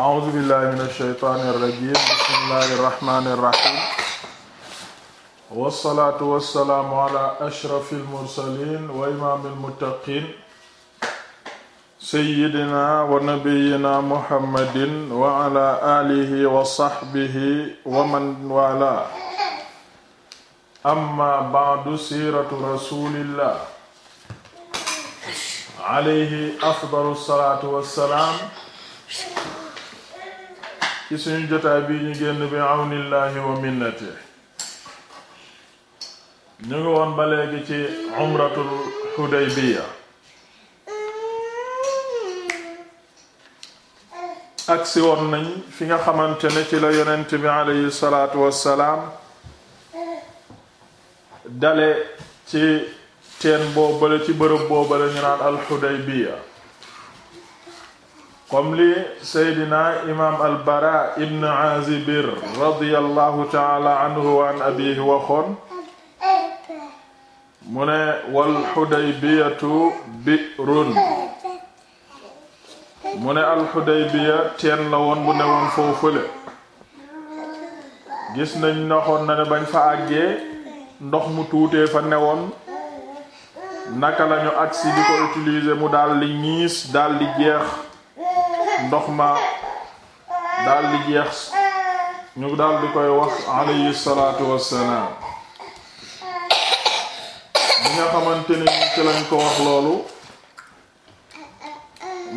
أعوذ بالله من الشيطان الرجيم بسم الله الرحمن الرحيم والصلاة والسلام على أشرف المرسلين وإمام المتقين سيدنا ونبينا محمد وعلى آله وصحبه ومن والاه أما بعد سيرة رسول الله عليه أفضل الصلاة والسلام ci suñu jotaa bi ñu génn bi àwnillaahi wa minnati ñu ngi woon ba léegi ci umratul hudaybiya agsi woon nañ fi nga xamante ne ci la yonent bi aleyhi salaatu wassalaam dale ci teen boobale ci bërëb boobale ñu naan al hudaybiya comme li seydina imaam albara ibn azibir radiallahu taala anhu wa an abihi mu ne wal xudaybiyatu bi'run mu ne al xudaybiya teen la woon bu ne woon foofule gis nañ noxoon na ne bañ fa àggee ndox mu tuutee fa newoon naka lañu agsi di ko utiliser mu daldi ñiis daldi jeex ndox ma daal di jeex ñu daal koy wax alayhi salaatu wassalaam bi nga xamante ni ci lañ ko wax loolu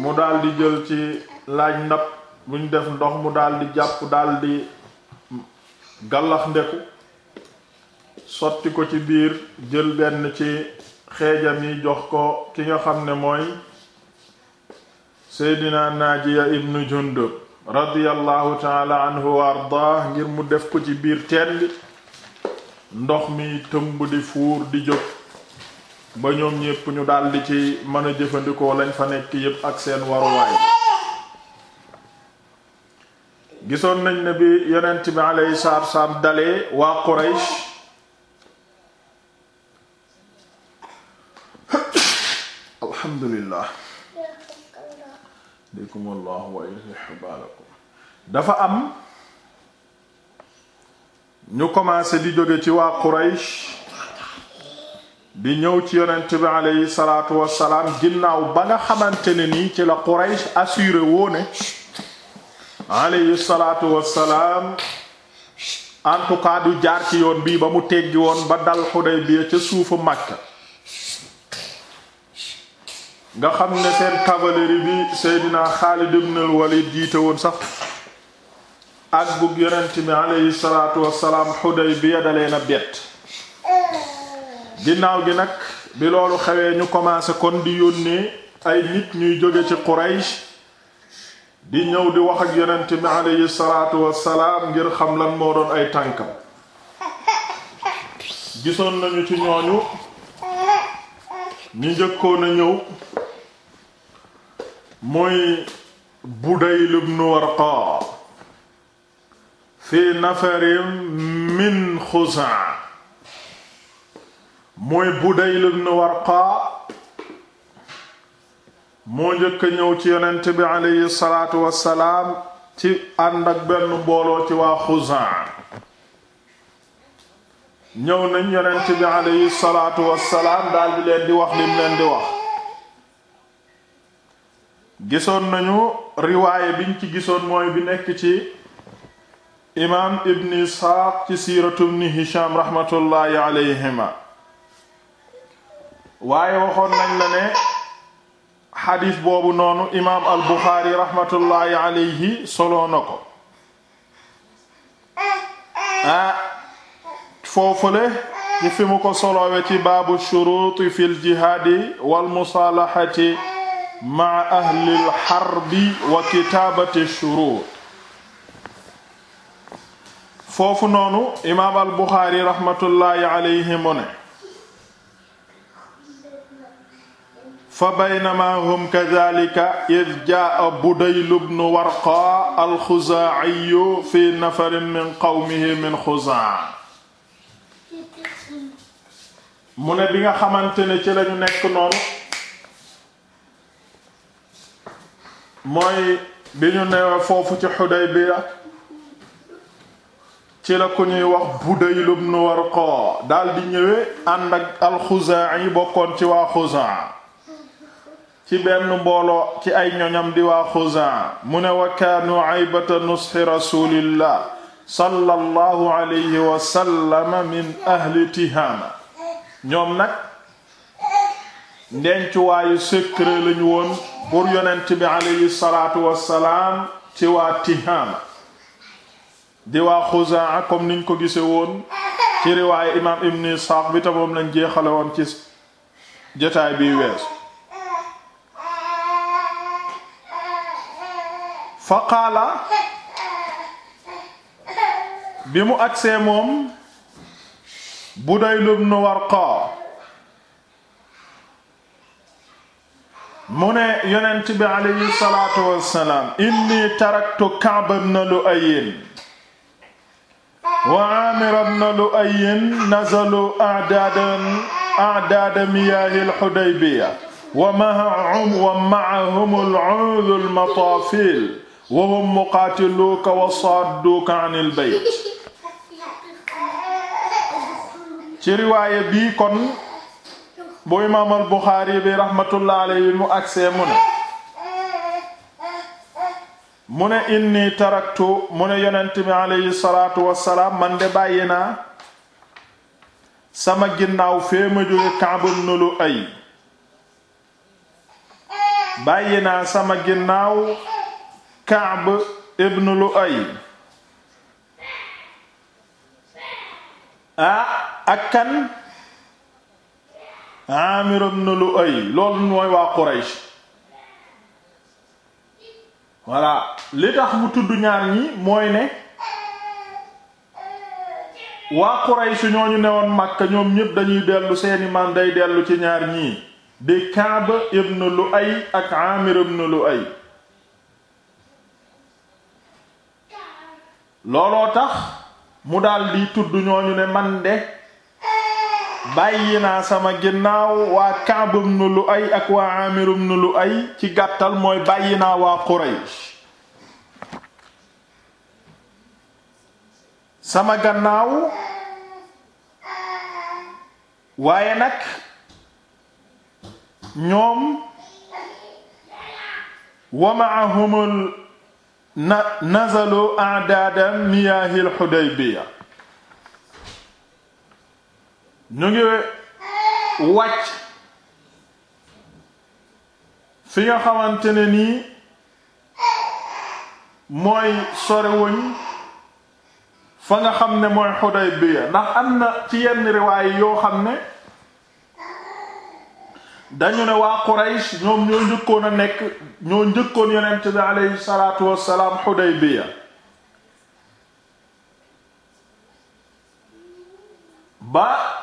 mu daldi jël ci laaj ndab bu ñu def ndox mu daldi jàpp daldi di sotti ko ci biir jël benn ci xeejam yi jox ko ki nga xam ne mooy seydina naajiya ibnu jundub radiyallahu taala anhu wa ardaah ngir mu def ko ci biir teen ndox mi tëmb di fuur di jóg ba ñoom yépp ñu daldi ci mën a jëfandikoo lañ fa nekk yépp ak seen waruwaay gisoon nañ ne bi yonent bi alayhi salaatu salaam dalee waa Quraysh alhamdulillah yahdikum allahu dafa am ñu commencé di jóge ci waa Quraysh di ñëw ci yonent bi aleyhi salaatu wassalaam ginnaaw ba nga xamante ne nii ci la Quraysh assuré woone aleyhi salaatu wassalaam en tout jaar ci yoon bii ba mu teggi woon ba dal Xudaybiya ca suufu Makka nga xam ne seen cavalerie bi Seydina Xaalid ibn al Walid jiite woon sax ak bug yonent bi aleyhi salaatu wassalaam Xudaybiya dalee na bett ginnaaw gi nag bi loolu xewee ñu commencé kon di yónnee ay nit ñuy jóge ci Quraysh di ñëw di wax ak yonent bi aleyhi salaatu wassalaam ngir xam lan moo doon ay tànkam gisoon nañu ci ñooñu ñu njëkkoon a ñëw muy Budayl ibn Warqa fi nafarin min Xuzaa muy Budayl ibn Warqa moo njëkk a ñëw ci yonent bi aleyhi salaatu wassalaam ci ànd ak benn mbooloo ci waa Xuzaa ñëw nañ yonent bi aleyhi salaatu wassalaam daal di leen di wax lim leen di wax gisoon nañu riwaaye biñ ci gisoon mooy bi nekk ci imaam ibn isxaaq ci siiratu ibn hisham raxmatullaahi alayhima waaye waxoon nañ la ne xadiis boobu noonu imaam al buxaari raxmatullaahi alayhi soloo ko ah foofule ci fi mu ko soloowe ci baabu shuruuti fil jihaadi wal musaalaxati ma ahli alxarbi wa kitaabati shuruut foofu noonu imaam al buxaari raxmatullaahi alayhi mu ne fa baynama hum kadaalika id jaa budaylu bnu warqa alxuzaaciyu fi nafarin min qawmihi min xuzaa mu ne bi nga xamante ne ci lañu nekk mooy bi ñu newe foofu ci Xudaybiya ci la ku ñuy wax Budayl ibn Warqa daldi ñëwee ànd ak alxuzaa yi bokkoon ci waa xuzaa ci benn mbooloo ci ay ñoñam di waa xuzaa mu ne wa kaanu aybata nusxi rasulillah sallallahu alayhi wa sallam min ahli tihaama ñoom nag ndencuwaayu secret lañu woon pour yonent bi aleyhi salaatu wassalaam ci waa tihaama di waa xuzaa comme niñ ko gise woon ci riwaaye imaam ibn isxaaq bi tamoom lañ jeexale woon ci jotaay biy weesu fa qaala bi mu agsee moom bu budaylu ibn warqa mu ne yonent bi aleyhi salaatu wassalaam inni taraktu Ka'b ibn Lu'ay wa Aamir ibn Lu'ay nazalu a'daadan a'daada miyaahil Hudaybiya wa ma'ahum wa ma'ahum al-'uudhul mataafiil wa hum muqaatiluuka wa saadduuka 'anil bayt ci riwaaya bi kon bu imaam al Buxaari bi rahmatullah alayhi mu agsee mu ne mu ne inni taraktu mu ne yonent bi alayhi salaatu wassalaam man de bàyyi naa sama ginnaaw fee ma jóge Ka'b ibn Lu'ay bàyyi naa sama ginnaaw Ka'b ibn Lu'ay ah ak Amir ibn li tax mu tudd ñaar ñi mooy ne waa Quraysh ñooñu newoon Makka ñoom ñépp dañuy dellu seeni maam day dellu ci ñaar ñii di Kaab ibn Lu'ay ak Amir ibn Lu'ay looloo tax mu daldi tudd ñooñu ne man de bàyyi naa sama ginnaaw waa Ka'b ibn Lu'ay ak waa Amir ibn Lu'ay ci gàttal mooy bàyyi naa waa Quraysh sama gannaaw waaye nag ñoom wa ma'ahum nazalu a'daadan miyaahil Hudaybiya ñu ngi wàcc fi nga xamante ne nii mooy sorewuñ fa nga xam ne mooy Xudaybiya ndax am na ci yenn riwaay yoo xam ne dañu ne waa Quraysh ñoom ñoo njëkkoon a nekk ñoo njëkkoon yonent bi aleyhi salaatu wassalaam Xudaybiya ba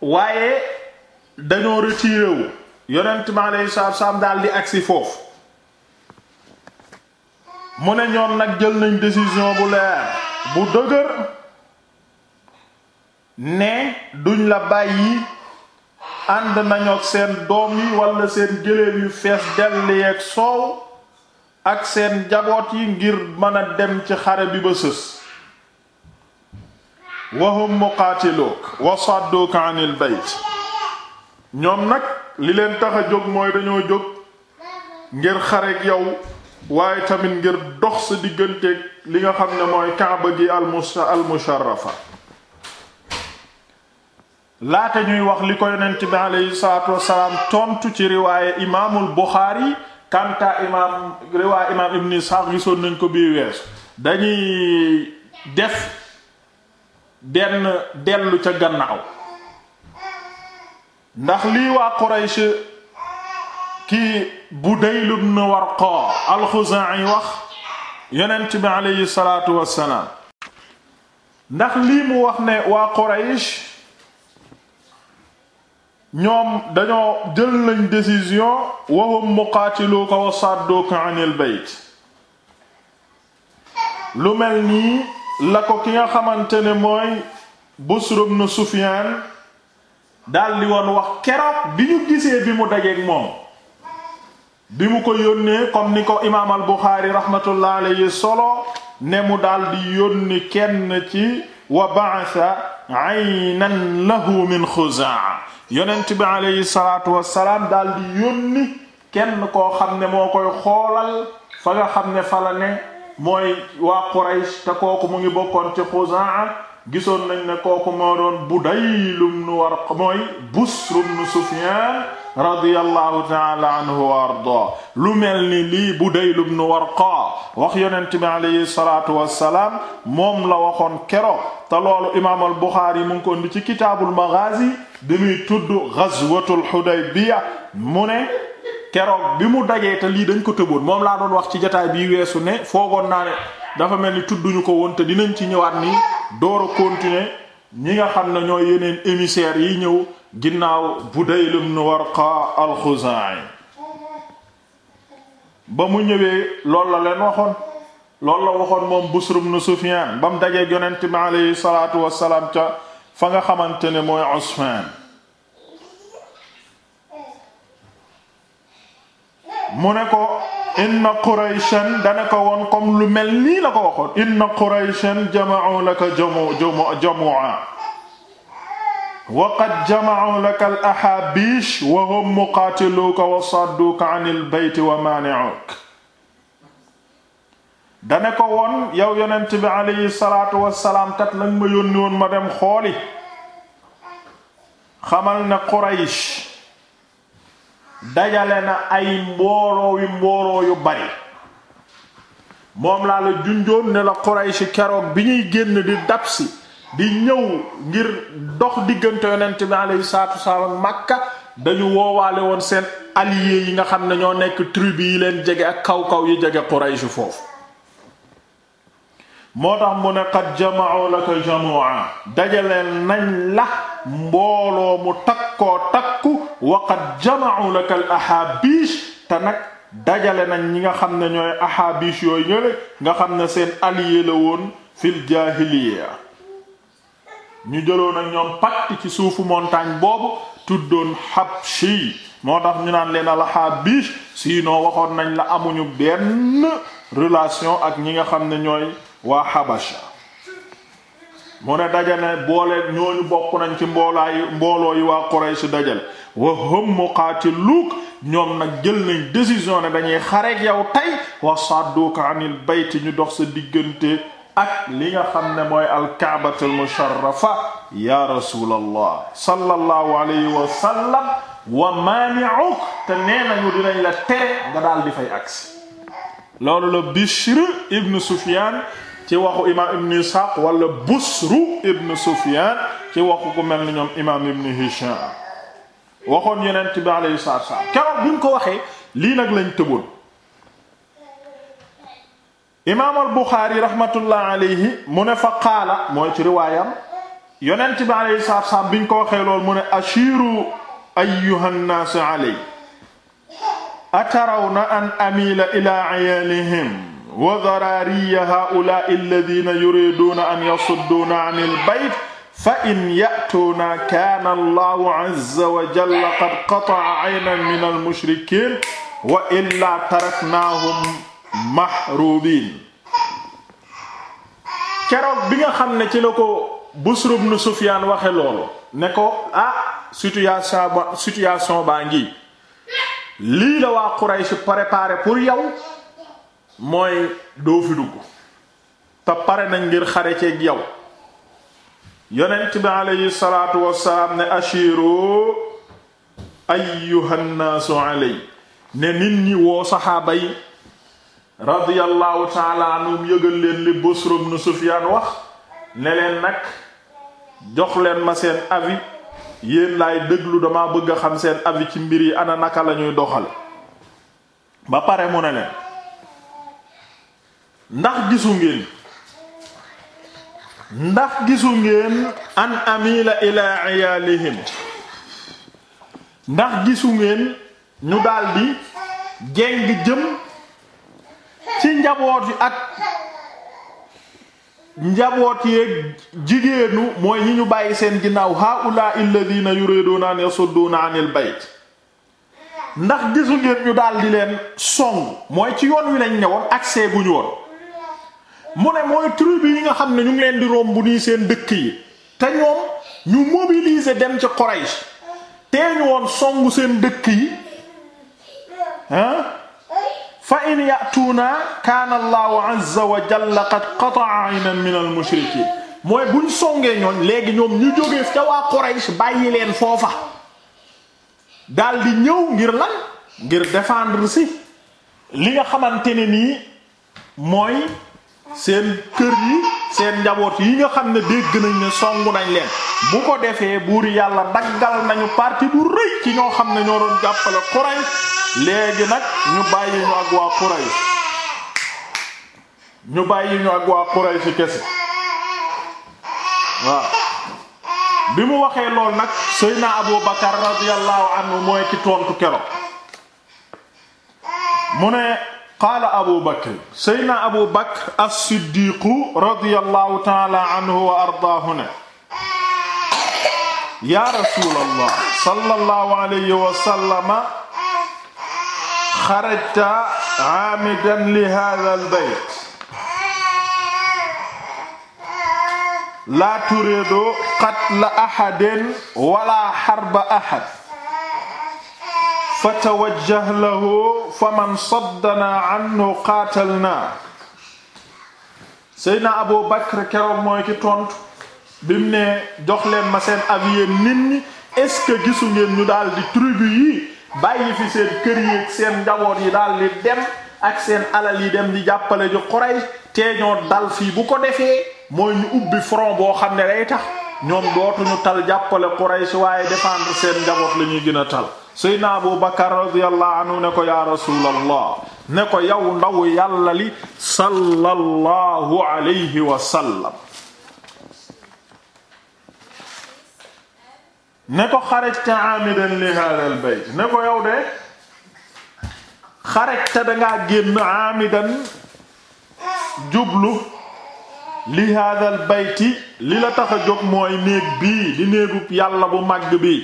waaye dañoo retiré wu yonent mi aleyhi salaatu salaam daal di agsi foofu mu ne ñoom nag jël nañ décision bu leer bu dëgër ne duñ la bàyyi ànd nañook seen doom yi walla seen gëléem yu fees dell yeeg soow ak seen jaboot yi ngir mën a dem ci xare bi ba sës wa hum muqaatiluuk wa sadduuk anil ñoom nag li leen tax a jóg mooy dañoo jóg ngir xareek yow waaye tamit ngir dox sa digganteeg li nga xam ne mooy kaaba gi al musharrafa laata ñuy wax li ko yonent bi aleyhi salaatu wasalaam tontu ci riwaaye imaamul Buxaari kanta imaam riwaaye imaam ibn Isaaq gisoon nañ ko bii weesu dañuy def benn dellu ca gannaaw ndax lii waa Quraysh kii Budayl ibn Warqa al-Khuzaa'i wax yonent bi aleyhi salaatu wassalaam ndax lii mu wax ne waa Quraysh ñoom dañoo jël nañ décision wa hum muqaatiluuka wa sadduuka anil bayt lu mel nii la ko ki nga xamante ne mooy Busr ibn daldi woon wax keroog bi ñu gisee bi mu dajeek moom bi mu ko yónnee comme ni ko imaam al Buxaari rahmatullah alayhi solo ne mu daldi yónni kenn ci wa ba'atha aynan lahu min Xuzaa yonent bi alayhi salaatu wassalaam daldi yónni kenn koo xam ne moo koy xoolal fa nga xam ne fa ne mooy waa Quraysh te kooku mu ngi bokkoon ci Xuzaa gisoon nañ ne kooku moo doon Budayl ibn Warqa mooy Busr ibn Sufyaan radiyallahu taala anhu wa ardaa lu mel ni lii Budayl ibn Warqa wax yonent bi alayhi salaatu wassalaam moom la waxoon keroog te loolu imaam al Buxaari mu ngi ko indi ci kitaabul Maghaazi dañuy tudd Ghazwatul Hudaybiya mu ne keroog bi mu dajee te lii dañ ko tëboon moom laa doon wax ci jataay bii weesu ne foogoon naa ne dafa mel ni tudduñu ko woon te dinañ ci ñëwaat nii door a ñi nga xam ne ñooy yeneen émissaires yi ñëw ginnaaw bu Budayl ibn Warqa al-Khuzai ba mu ñëwee lool la leen waxoon loolu la waxoon moom Busr ibn Sufyan ba mu dajee yonent bi aleyhi salaatu wassalaam ca fa nga xamante ne mooy Usfan mu ne ko inna qurayshan dana ko woon comme lu mel nii la ko waxoon inna qurayshan jama'u laka jamu'a wa qad jama'u laka al wa hum muqatiluka wa sadduka 'anil bayt wa mani'uka dana ko woon yow yonent bi alayhi salaatu wassalaam kat lañ ma yónni woon ma dem xooli xamal ne quraysh dajale na ay mbooloo wi mbooloo yu bari moom laa la junjoon ne la Quraysh keroog bi ñuy génn di dabsi di ñëw ngir dox diggante yonent bi alayhi salaatu wassalaam Makka dañu woowaale woon seen alliés yi nga xam ne ñoo nekk tribu yi leen jege ak kaw kaw yi jege Quraysh foofu moo tax mu ne qad jama'u laka jamu'a dajaleel nañ la mbooloo mu takkoo takku waxat qad jama'u ahaabish te nag dajale nañ ñi nga xam ne ñooy ahaabish yooyu ñële nga xam ne seen allié la woon fil jaahiliya ñu jëloo ak ñoom pacte ci suufu montagne boobu tuddoon Habshi moo tax ñu naan leen al ahaabish sinon waxoon nañ la amuñu benn relation ak ñi nga xam ne ñooy waa Habasha mu ne dajale boole ñooñu bokk nañ ci mboolaayu mbooloo waa Quraysh dajale wa hum muqaatiluuk ñoom nag jël nañ décision ne dañuy xareek yow tey wa sadduka anil bayt ñu dox sa diggante ak li nga xam ne mooy alkaabatul musharrafa ya rasulallah sallallahu alayhi wa sallam wa maani'uk te nee nañu dinañ la tere nga daal di fay agsi loolu la Bishr ibn Sufyan ci waxu imaam ibn Ishaq wala Busru ibn Sufyan ci waxu ku mel ni ñoom imaam ibn Hisham waxoon yonent bi alayhi salaatu wa salaam ko waxee lii nag lañ tëboon imaam al Buxaari rahmatullah alayhi mu ne fa qaala mooy ci riwaayam yonent bi alayhi salaatu wa biñ ko waxee lool mu ne ashiru ayyuhan naas alayhi atarawna an amila ila ayalihim wa daraariya haa'ulaa'i alladhiina yuriiduuna an yasudduuna 'anil bayt fa in ya'tuunaa kaana Allahu 'azza wa jalla qad qata'a 'aynan minal mushrikiin wa illaa taraknaahum mahruubiin keroog bi nga xam ne ci la ko Busr ibn Sufyaan waxe loolu ne ko ah situation ba situation baa ngi lii la waa Quraysh préparé pour yow mooy doo fi te pare na ngir xare ceeg yow yonent bi aleyhi salaatu wasalaam ne ashiru ayyuhannaasu aley ne nit ñi woo saxaaba yi radiyallahu taala anhum yëgal leen li Busr ibn Sufyaan wax ne leen nag jox leen ma seen avis yéen laay déglu dama bëgg a xam seen avis ci mbir yi ana naka lañuy doxal ba pare mu ne leen ndax gisu ngeen ndax gisu ngeen an amila ila iyalihim ndax gisu ngeen ñu daldi jeng jëm ci njaboot yi ak njaboot yeeg jigéenu mooy ñi ñu bàyyi seen ginnaaw haula alladhina yuriduna an yasudduna anil bayt ndax gisu ngeen ñu daldi leen song mooy ci yoon wi lañ ñëwoon accès bu ñu woon mu ne mooy tribu yi nga xam ne ñu ngi leen di romb nii seen dëkk yi te ñoom ñu mobiliser dem ca Quraysh tee ñu songu seen dëkk yi fa in ya'tuuna kaana Allahu azza wa jalla qad qata'a aynan min al-mushrikiin mooy buñ songee ñooñ léegi ñoom ñu jógee ca waa bàyyi leen foofa daldi ñëw ngir lan ngir défendre si li nga xamante ne nii mooy seen kër yi seen njaboot yi nga xam ne dégg nañ ne songu nañ leen bu ko defee buur yàlla daggal nañu parti bu rëy ci ñoo xam ne ñoo doon jàppale Quraysh léegi nag ñu bàyyi ñu ak waa Quraysh ñu bàyyi ñu ak waa Quraysh kese waaw bi mu waxee lool nag Seydina Abu Bakar radiyallahu anhu mooy ci tontu kero mu ne qaala abu bakr seydna abu bakr as-siddiiqu radiyallahu taala anhu wa ardaahu ne yaa rasuulallah sallallahu alayhi wa sallama xarajta aamidan li haadhal bayt laa turiidu qatla ahadin wala harba ahad fatawajjah lahu faman saddanaa anhu qaatalnaa seydna abu bakr keroog mooy ki tontu bimu ne jox leen ma seen avis nit ñi est-ce que gisu ngeen ñu daal di tribu yi bàyyi fi seen kër yi ak seen njaboot yi daal di dem ak seen alal yi dem di jàppale ju Quraysh tee ñoo dal fii bu ko defee mooy ñu ubbi front boo xam ne day tax ñoom dootuñu tal jàppale Quraysh waaye défendre seen njaboot la ñuy gën a tal seydna abu bakar radiyallahu anhu ne ko yaa rasuulallah ne ko yow ndaw yàlla li sallallahu alayhi wa ne ko xarajta aamidan li hada al ne ko yow de xarajta dangaa génn aamidan jublu li hada al li la tax a jóg mooy néeg bii di néegub yàlla bu màgg bi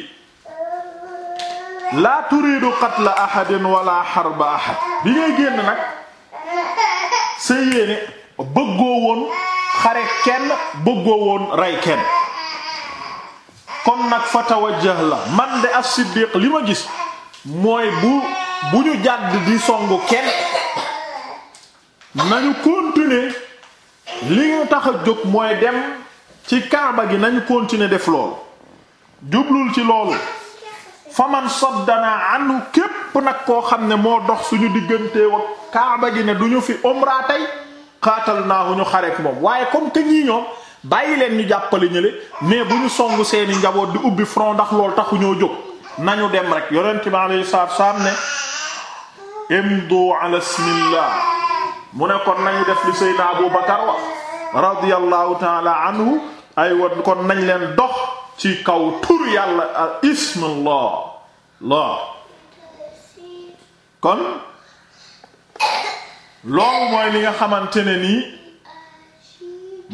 laa turiidu qatla ahadin wala harba ahad bi ngay génn nag sa yéene bëggoo woon xare kenn bëggoo woon rey kenn kon nag fa tawajjah la man de as-siddiq li ma gis mooy bu bu ñu jàdd di songu kenn nañu continuer li ñu tax a jóg mooy dem ci kaaba gi nañu continuer def loolu jublul ci loolu faman saddana anhu képp nag koo xam ne moo dox suñu diggantee wa kaaba gi ne du ñu fi umra tey xaatal naahu ñu xareek moom waaye comme te ñii ñoom bàyyi leen ñu jàppale ñële mais bu ñu song seeni njaboot di ubbi front ndax loolu taxu ñoo jóg nañu dem rek yonent bi alayhi salaatu wasalaam ne imdu ala mu ne kon nañu def li sayyidina Abu Bakar wax radiyallahu ta'ala anhu ay kon nañ leen dox ci kaw tur yàlla al ismallah la kon loolu mooy li nga xamante ne nii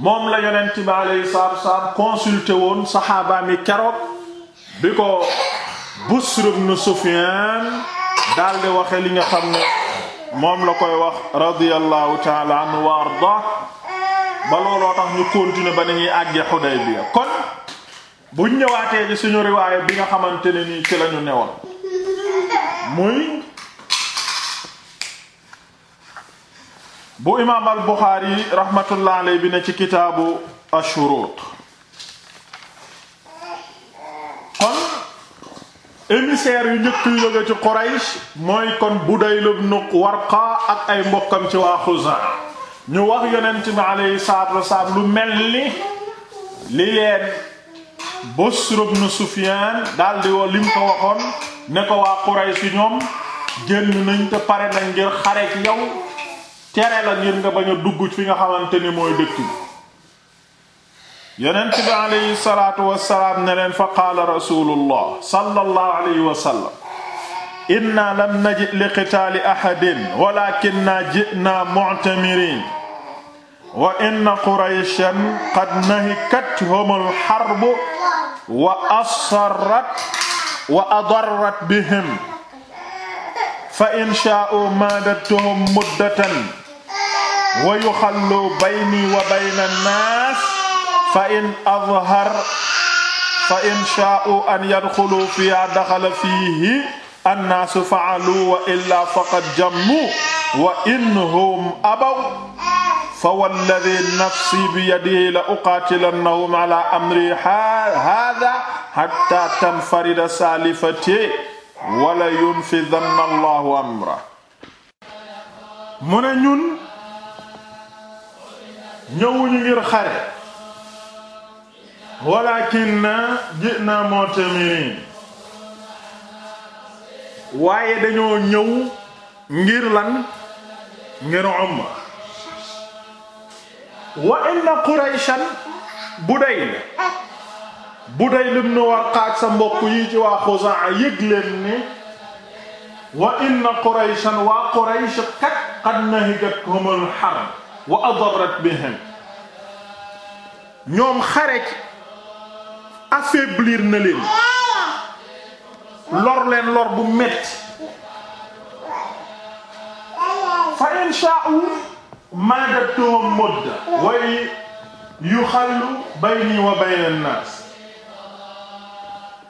moom la yonent bi alayhi salaatu wasalaam consulté woon saxaaba mi keroog bi ko Busr ibn Sufyaan daldi waxe li nga xam ne moom la koy wax radiyallahu taala anhu wa arda ba looloo tax ñu continuer ba nañuy àggee Xudaybiya kon buñ ñëwaatee ci suñu riwaaya bi nga xamante ne nii ci lañu newoon muy bu imaam al Buxaari rahmatullah alayhi bi ne ci kitaabu ashurut kon émissaires yu njëkk yu jóge ci Quraysh mooy kon Budayl ibn Warqa ak ay mbokkam ci waa Xuzaa ñu wax yonent bi alayhi salaatu wasalaam lu mel ni li leen Busr ibn Sufyan daal di lim ko waxoon ne ko waa Quraysh ñoom génn nañ te pare na ngir xare ci yow la ngir nga bañ a dugg fi nga xamante ni mooy dëkk bi yonent bi aleyhi salaatu wassalaam ne leen fa qaala rasulullah sallallahu alayhi wa sallam inna lam naji li qitaali ahadin walakinna ji'na mu'tamirin wa inna qurayshan qad nahikathum al-harb wa asarrat wa adarrat bihim fa in shaa'u maadatuhum muddatan wa yuxallu bayni wa bayna an-naas fa in azhar fa in shaa'u an yadxulu fiihaa daxala fiihi an-naasu fa'alu wa illaa faqad jammu wa innahum abaw fa walladhi nafsi biyadihi la uqaatilannahum ala amri haadha hatta tanfarida saalifati wala yunfidanna allahu amra mu ne ñun ñëwuñu ngir xare walakinna ji'na mu'tamirin waaye dañoo ñëw ngir lan ngir umra wa inna qurayshan budayl budayl ibn warqaak sa mbokk yi ci waa xuzaa yëg leen wa inna qurayshan waa quraysh kat qad nahijathum al harb wa adarrat bihim ñoom xare affaiblir na leen lor leen lor bu metti fa in maadatuhum mudda wa yuxallu bayni wa bayna an-naas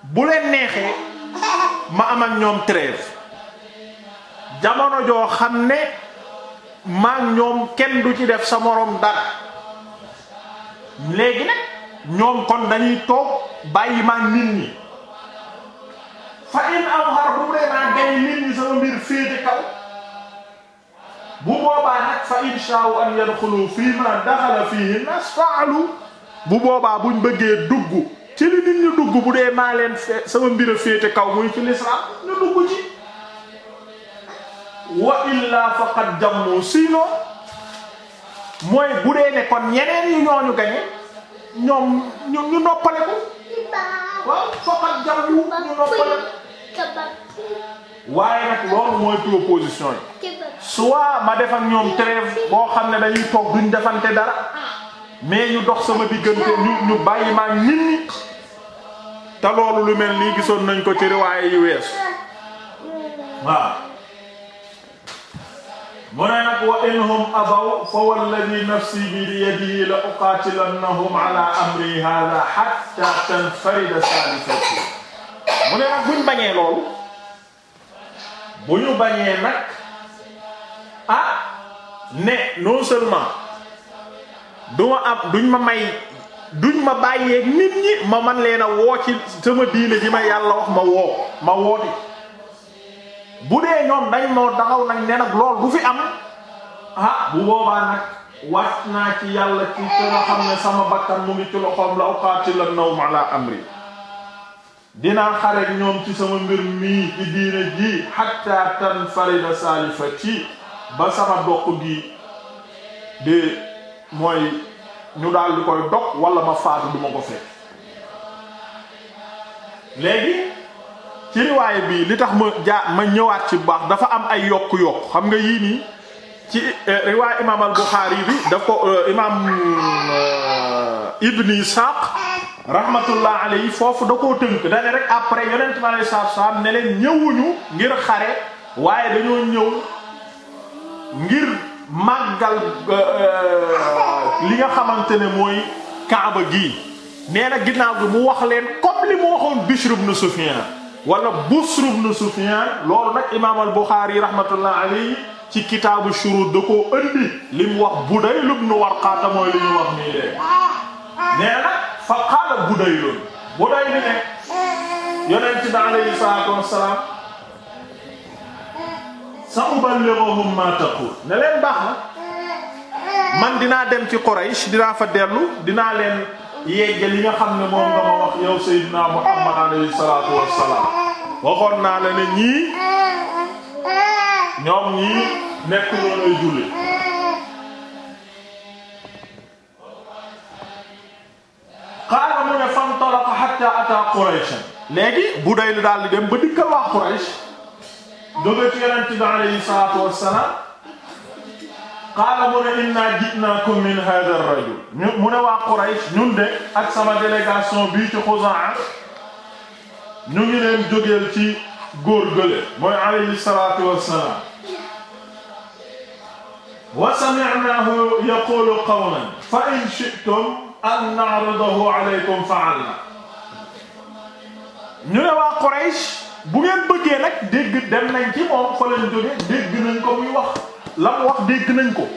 bu leen neexee ma am ñoom trêve jamono joo xam ne maak ñoom kenn du ci def sa moroom dara léegi nag ñoom kon dañuy toog bàyyi maak nit ñi fa in am xar bu dee naa gañ nit ñi sama mbir féete kaw bu boobaa nag fa inshaa'u an yadxulu fii ma daxala fiihi nas fa'alu bu boobaa buñ bëggee dugg ci li nit ñu dugg bu dee maa leen sama mbir a féete kaw muy ci lislaam ñu dugg ci wa illaa faqad jammu sinon mooy bu dee ne kon ñeneen yi ñooñu gañe ñoom ñu ñu noppale ko waaw faqad ñu noppale waaye nag loolu mooy proposition yi soit ma def ak ñoom trêve boo xam ne dañuy toog duñ defante dara mais ñu dox sama diggante ñu ñu bàyyi ma nit ñi te loolu lu mel nii gisoon nañ ko ci riwaaye yu weesu waaw mu ne nag wa inhum abaw fa walladhi nafsi bi yadihi la uqatilannahum ala amri hadha hatta tanfarida salisatu mu ne nag buñ bañee loolu bu ñu bañee nag ah ne non seulement du ma am duñ ma may duñ ma bàyyeeg nit ñi ma man leen a woo ci sama diine ji ma yàlla wax ma woo ma wooti bu dee ñoom dañ moo taxaw nag ne nag lool bu fi am ah bu boobaa nag waat naa ci yàlla ci nga xam ne sama bakkan mu ngi ci loxoom la uqaatilannaw am amri dinaa xareek ñoom ci sama mbir mii ci diine ji xatta tanfarida saalifati ba sama doq gi de mooy ñu daal di koy dog wala ma faatu du ko fekk léegi ci riwaay bi li tax ma jaa ma ñëwaat ci baax dafa am ay yokk-yokk xam nga yii nii ci eh, riwaay imaam al bi daf ko eh, imaam eh, Ibn Isaaq rahmatullah alayhi foofu da koo tënk dane rek après yonent bi alayhi salaatu salaam ne leen ñëwuñu ngir xare waaye dañoo ñëw ngir màggal euh, euh, li nga xamante ne mooy kaaba gi nee na ginnaaw gi mu wax leen comme li mu waxoon Bishr ibn Sufyan wala Busr ibn Sufyan loolu nag imaam al Buxaari rahmatullah alayhi ci kitaabu shuruut da koo ëndi li mu wax Budayl ibn Warqata mooy li ñu wax nii de nee fa qaala Budayl Budayl ne yonent bi alayhi salaatu wassalaam sa uballighuhum ma taqul baax na man dinaa dem ci Quraysh dinaa fa dellu dinaa leen yegge li nga xam ne moom nga ma wax yow Seydina Muhammad alayhi salaatu wassalaam waxoon naa la ne ñii ñoom ñii nekk loolu julli qaala mu ne fantalaqa hatta ata Quraysh léegi Budayl daal di dem ba dikkal waa Quraysh jóge ci yonent bi alayhi salaatu wassalaam qaala mu ne inna ji'naakum min haadha ar-rajul mu ne waa Quraysh ñun de ak sama délégation bii ci Xuzaa ñu ngi leen jógeel ci góor gële mooy alayhi salaatu wassalaam wa sami'naahu yaqulu qawlan fa in shi'tum an na'ridahu alaykum fa'alna ñu ne waa Quraysh bu ngeen bëggee nag dégg dem nañ ci moom fa lañ jóge dégg nañ ko muy wax la mu wax dégg nañ ko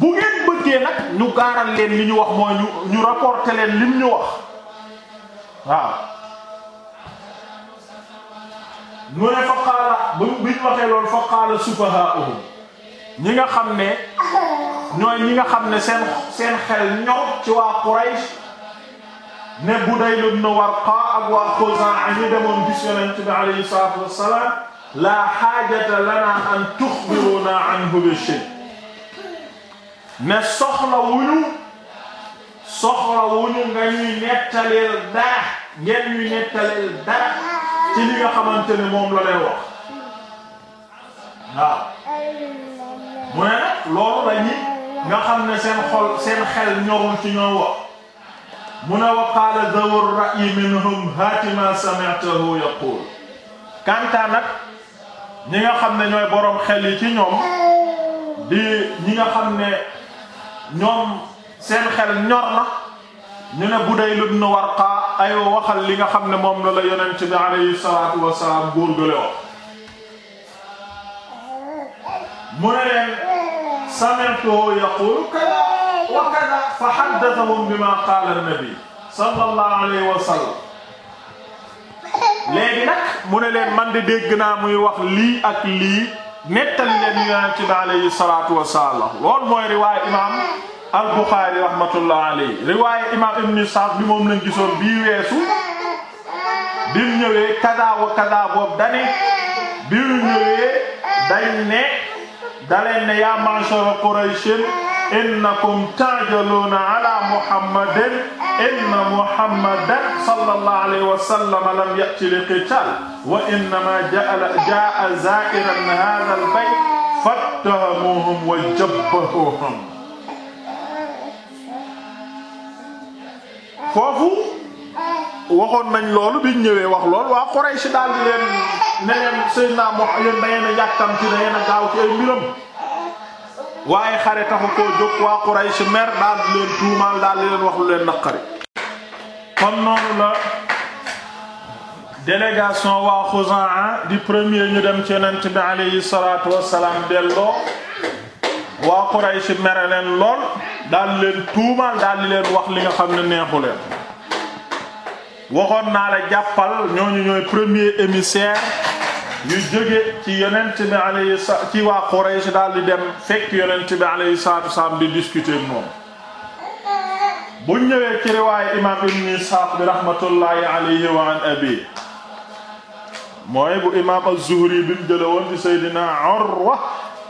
bu ngeen bëggee nag ñu gaaral leen li ñu wax mooy ñu ñu rapporter leen lim ñu wax waaw mu ne fa qaala bu ñu waxee loolu fa qaala sufahaa'uhum ñi nga xam ne ñooy ñi nga xam ne seen seen xel ñor ci waa Quraysh ne Budayl ibn Warqa ak waa Xuzaa ñu demoon gis Yonent bi alayhi salaatu wassalaam laa xaajata lanaa an tuxbirunaa anhu bi shay ne soxla wuñu soxla wuñu nga ñuy nettaleel dara ngeen ñuy nettaleel dara ci li nga xamante ne moom la lay wax waaw mu ne nag loolu la ñuy nga xam ne seen xol seen xel ñorul ci ñoo wax mu ne wa qaala zawur ra'yi minhum hatima sami'tahu yaqul kanta nag ñi nga xam ne ñooy boroom xel yi ci ñoom bi ñi nga xam ne ñoom seen xel ñor na ñu ne Budayl ibn Warqa ay waxal li nga xam ne moom la la yonent bi alayhi salaatu wasalaam góor gële wax mu ne leen sami'tuhu yaqulu kaza wa kaza fa haddathahum bima nabi sallallahu alayhi wa sallam léegi nag mu ne leen man de dégg naa muy wax lii ak lii nettali leen yonent bi alayhi salaatu wa salaam loolu mooy riwaaya imaam al-Buxaari rahmatullah alayhi riwaaya imaam Ibn Sa'd bi moom lañ gisoon bii weesu bi mu ñëwee kaza boobu dañuy bi mu ñëwee dañ ne. daleen ne yaa ma'shara qurayshin innakum ta'jaluna ala muhammadin inna muhammadan sallallahu alayhi wa sallam lam ya'ti li qital wa innama ja'a za'iran hadha al-bayt fattahamuhum wa jabbahuhum foofu waxoon nañ loolu biñ ñëwee wax lool waa Quraysh daal di leen ne leen Seydina Muhammad yéen da ngeen a yàkkam ci da ngeen ci ay mbiram waaye xare taxu koo jóg waa Quraysh mer daal leen tuumaal daal di leen ñu dem ci yonent bi alayhi salaatu wassalaam tuumaal daal leen wax li nga xam ne neexu leen waxoon naa la jàppal ñooñu ñooy premier émissaire yu jóge ci yonent bi alayhi ci waa Quraysh daal di dem fekk yonent bi alayhi salaatu wasalaam di discuter moom bu ñëwee ci riwaayu imaam ibn Isxaaq bi rahmatullahi alayhi wa an abi mooy bu imaam az bi jële woon ci Seydina Urwa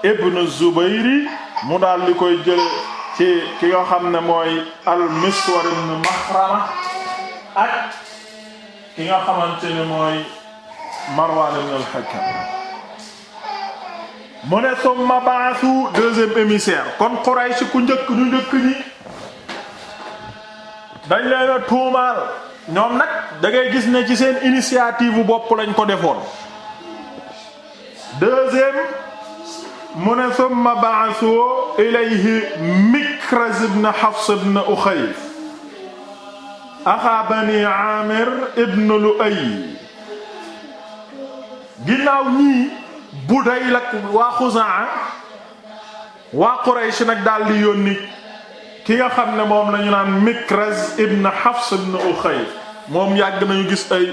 ibn Zubayri mu daal di koy jële ci ki nga xam ne mooy al-Miswar ibn Maxrama ak ki nga xamante ne mooy Marwan ibn al-Hakam mu ne summa ba'athu deuxième émissaire kon Quraysh ku njëkk ñu njëkk ñi dañ leen a tuumaal ñoom nag da ngay gis ne ci seen initiative bopp lañ ko defoon deuxième mu ne summa ba'athu ilayhi Mikraz ibn Hafs u Ukhayf axaa bani amir ibn lu'ay ginnaaw ñii Budayl ak waa Xuzaa waa Quraysh nag daldi yónni ki nga xam ne moom lañu naan Mikraz ibn Hafs Uxay moom yàgg nañu gis ay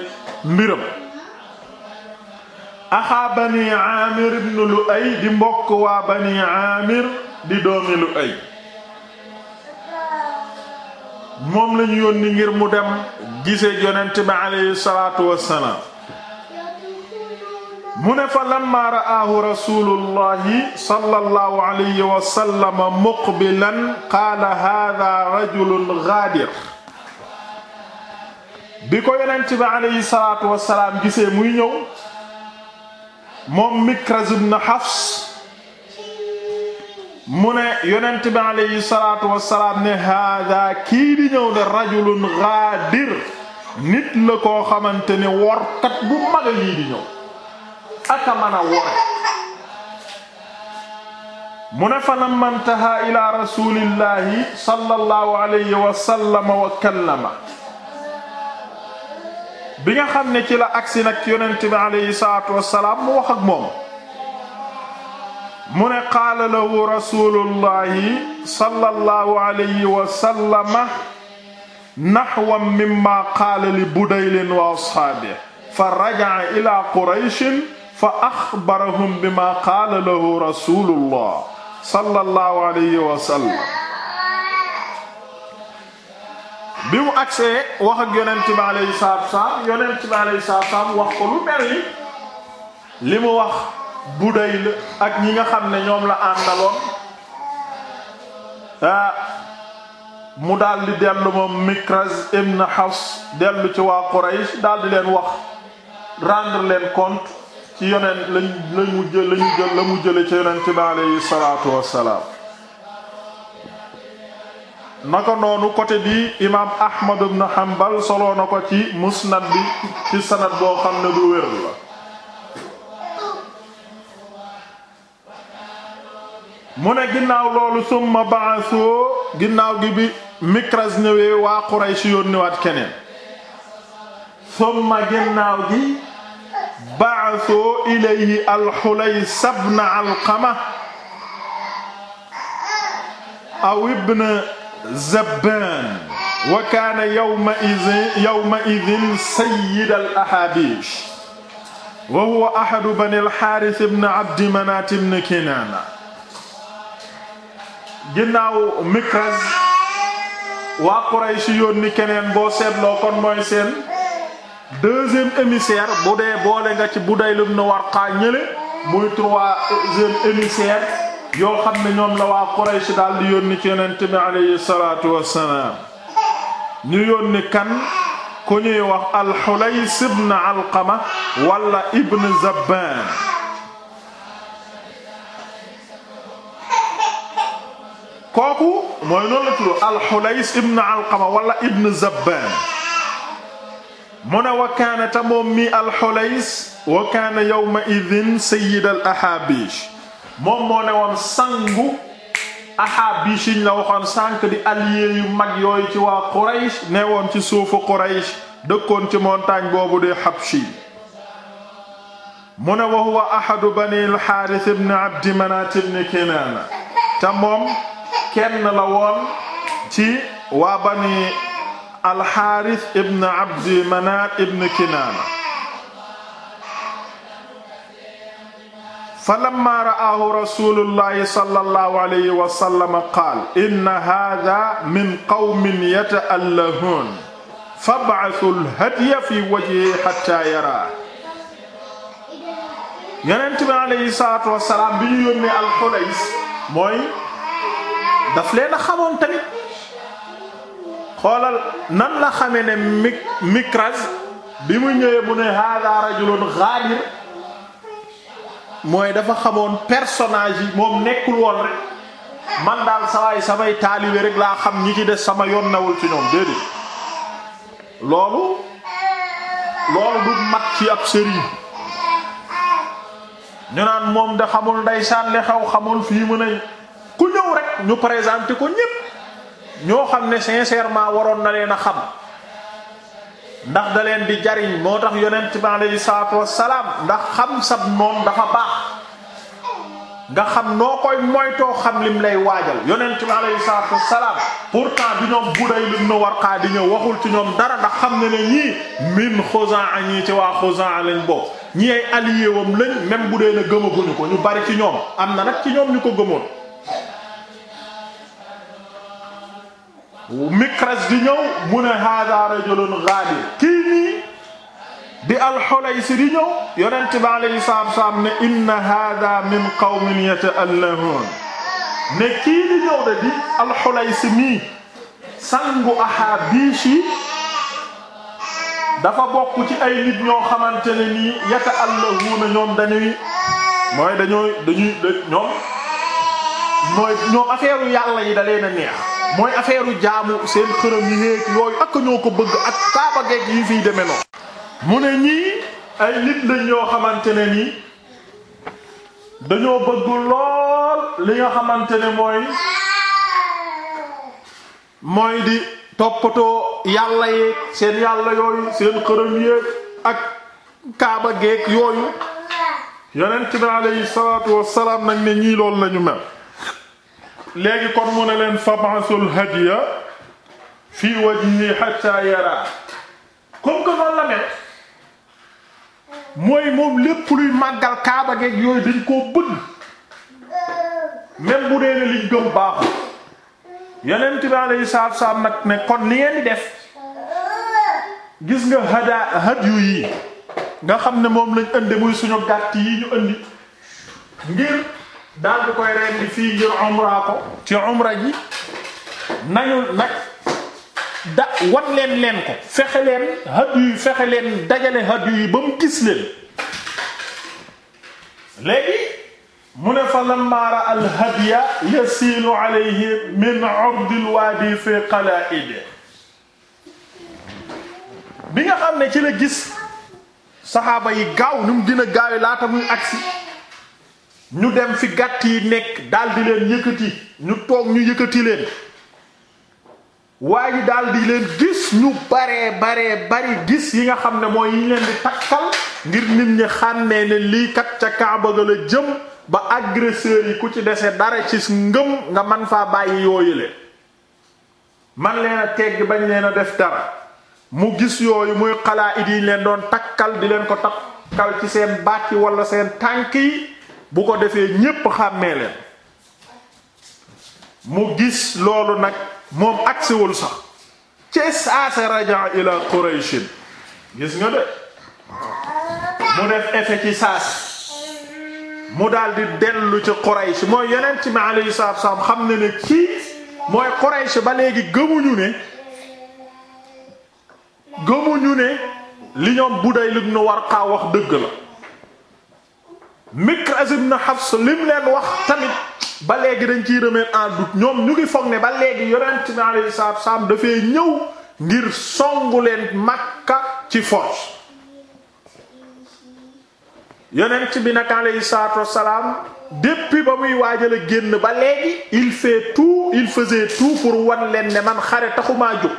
mbiram axaa bani amir ibn lu'ay di mbokk waa bani amir di doomi lu'ay moom lañu yónni ngir mu dem gisee yonent bi aleyhi salaatu wassalaam mu ne fa lamma ra'aahu rasuulullahi sallallahu alayhi wa sallam muqbilan qaala haadaa rajulun gaadir bi ko yonent bi aleyhi salaatu wassalaam gisee muy ñëw moom Mikraz ibn Hafs mu ne yonent bi aleyhi salaatu wassalaam ne hada kii di ñëw de rajulun gaadir nit la koo xamante ne workat bu mag a yii di ñëw aka mën a wore mu ne fa lamma ntaha ila rasulillahi sallallahu alayhi wa sallam wa kallama bi nga xam ne ci la agsi nag yonent bi aleyhi salaatu wassalaam mu wax ak moom mu ne qaala lahu rasulullahi sallallahu alayhi wa sallama naxwan mimma qaala li budaylin wa asxaabihi fa raja'a ila qurayshin fa axbarahum bima qaala lahu rasulullah sallallahu bi mu agsee wax ak yonent bi alayhi salaatu wa salaam yonent bi alayhi salaatu wa salaam wax ko lu mel ni li mu wax Budayl ak ñi nga xam ne ñoom la àndaloon ah mu daldi di dellu moom Mikraz ibn Hafs dellu ci waa Quraysh daal leen wax rendre leen compte ci yonent lañ lañu jël lañu la mu jële ci yonent bi aleyhi salaatu wassalaam naka noonu côté bi imaam Ahmad ibn Hanbal soloo ko ci musnad bi ci sanad boo xam ne du la mu ne ginnaaw loolu summa ba'asu ginnaaw gi bi Mikraz ñëwee waa Quraysh yónniwaat keneen summa ginnaaw gi ba'asu ilayhi al-Hulays ibn Alqama aw ibn Zabban wa kaana yawma idhin yawma idhin sayyid al-Ahaabish wa huwa ahadu bani al-Haaris ibn Abdi Manaat ibn Kinaana ginnaaw Mikraz waa Quraysh yónni keneen boo seetloo kon mooy seen deuxième bu dee boole nga ci Budayl ibn Warqa ñële muy troisième émissaire yoo xam ne ñoom la waa Quraysh daal di yónni ci yonent bi alayhi salaatu wassalaam ñu yónni kan ku ñuy wax al-Hulays ibn Alqama ibn Zabban kooku mooy noonu la tudd alxulays ibn alqama wala ibn zabbaan mu ne wa kaana ta moom mi alxulays wa kaana yawma idin sayyid al moom moo ne woon sangu ahaabish yiñ la waxoon sànq di alliés yu mag yooyu ci waa quraysh ne woon ci suufu quraysh dëkkoon ci montagne boobu de habshi mu ne wa huwa ahadu bani xaaris ibn abdi manaat ibn kinaana ta kenn la woon ci waa bani alxaaris ibn abdi manaat ibn kinaana fa lamma ra'aahu rasulullahi sallallahu alayhi wa sallam qaal inna haadha min qawmin yata'allahuun fab'athu al-hadya fi wajhihi hatta yaraahu Yonent bi alayhi salaatu wa salaam bi ñu yónnee Al-Hulays mooy daf leen a xamoon tamit xoolal nan la xamee ne mi Mikraz bi mu ñëwee mu ne hada rajulun ghadir mooy dafa xamoon personnage yi moom nekkul woon rek man daal sawaay samay taalibe rek laa xam ñi ci des sama yoon nawul ci ñoom déedéet loolu loolu du mat ci ab sëriñ ñu naan moom de xamul ndeysaan li xew xamul fii mu ne lu ñëw rek ñu présenter ko ñépp ñoo xam ne sincèrement waroon na leen a xam ndax da leen di jariñ moo tax yonent bi alayhi salaatu wassalaam ndax xam sab noon dafa baax nga xam noo koy moytoo xam lim lay waajal yonent bi alayhi salaatu pour pourtant du ñoom buday lu nu warqaa di ñëw waxul ci ñoom dara ndax xam ne ne ñii min Xuzaa ñii ci waa Xuzaa lañ bokk ñi ay allié wam lañ même bu dee na gëmaguñu ko ñu bari ci ñoom am na na ci ñoom ñu ko gëmoon Mikras di ñëw mu ne hada rajulun ghadir kii nii di alxulaysi di ñëw yonent bi alayhi salaatu wasalaam ne inna hada min qawmin yata'allahuun ne kii di ñëw de di alxulaysi mii sangu ahaabish dafa bokk ci ay nit ñoo xamante ne nii yata'allahuuna ñoom dañuy mooy dañooy dañuy ñoom mooy ñoom affaire yàlla yi da leen mooy affaire jaamu seen xërëm yi yooyu ak ñoo ko bëgg ak kaaba geek yi fiy demee noonu. mu ne ñii ay nit lañ ñoo xamante ne nii dañoo bëgg lool li nga xamante ne mooy mooy di toppatoo yàlla yeeg seen yàlla yooyu seen xërëm yeeg ak kaaba geek yooyu yonent bi alayhi salaatu wassalaam nag ne ñii loolu lañu mel. léegi kon mu ne leen fab'asul hadiya fii wajhi hatta yara comme que noonu la mel mooy moom lépp luy màggal kaaba geeg yooyu dañ koo bëgg même bu dee ne liñ gëm baaxul yeneen bi alayhi salaatu salaam nag ne kon li ngeen di def gis nga hada hadyu nga xam ne moom lañ ënde muy suñu gàtt yi ñu ëndi ngir daal di koy rendi fii ngir umra ko ci umra yi fexe mu gis leen léegi mu ne fa lamma ra al hadiya yasiilu alayhi min urdil waadi fi qala'id ne ci la gis saxaaba yi gaaw nu mu laata muy agsi ñu dem fi gàtt yi nekk daldi leen yëkkati ñu toog ñu yëkkati leen waa ji daldi leen gis ñu baree baree bari gis yi nga xam ne mooy yi leen di takkal ngir nit ñi xàmmee ne lii kat ca Kaaba ga la jëm ba agresseurs yi ku ci dese dara ci ngëm nga man faa bàyyi yooyu leen man leen a tegg bañ leen a def dara mu gis yooyu muy xalaa it yi leen doon takkal di leen ko takkal ci seen baat yi wala seen tànk yi bu ko defee ñépp xàmmee leen mu gis loolu nag moom agsiwul sax ci saase raja ila qurayshin gis nga de mu def effet ci saas mu daal di dellu ci quraysh mooy ci mi alayhi salaatu salaam xam na ne kii mooy quraysh ba léegi gëmuñu ne gëmuñu ne li ñoom nu war Warqa wax dëgg la Mikraz ibn Hafs lim leen wax tamit ba léegi dañ ciy remettre en doute ñoom ñu ngi foog ne ba léegi yonent bi alayhi salaatu wassalaam dafay ñëw ngir songu leen Makka ci force yonent bi nag alayhi salaatu wassalaam depuis ba muy waajal a génn ba léegi il fait tout il faisait tout pour wan leen ne man xare taxumaa jóg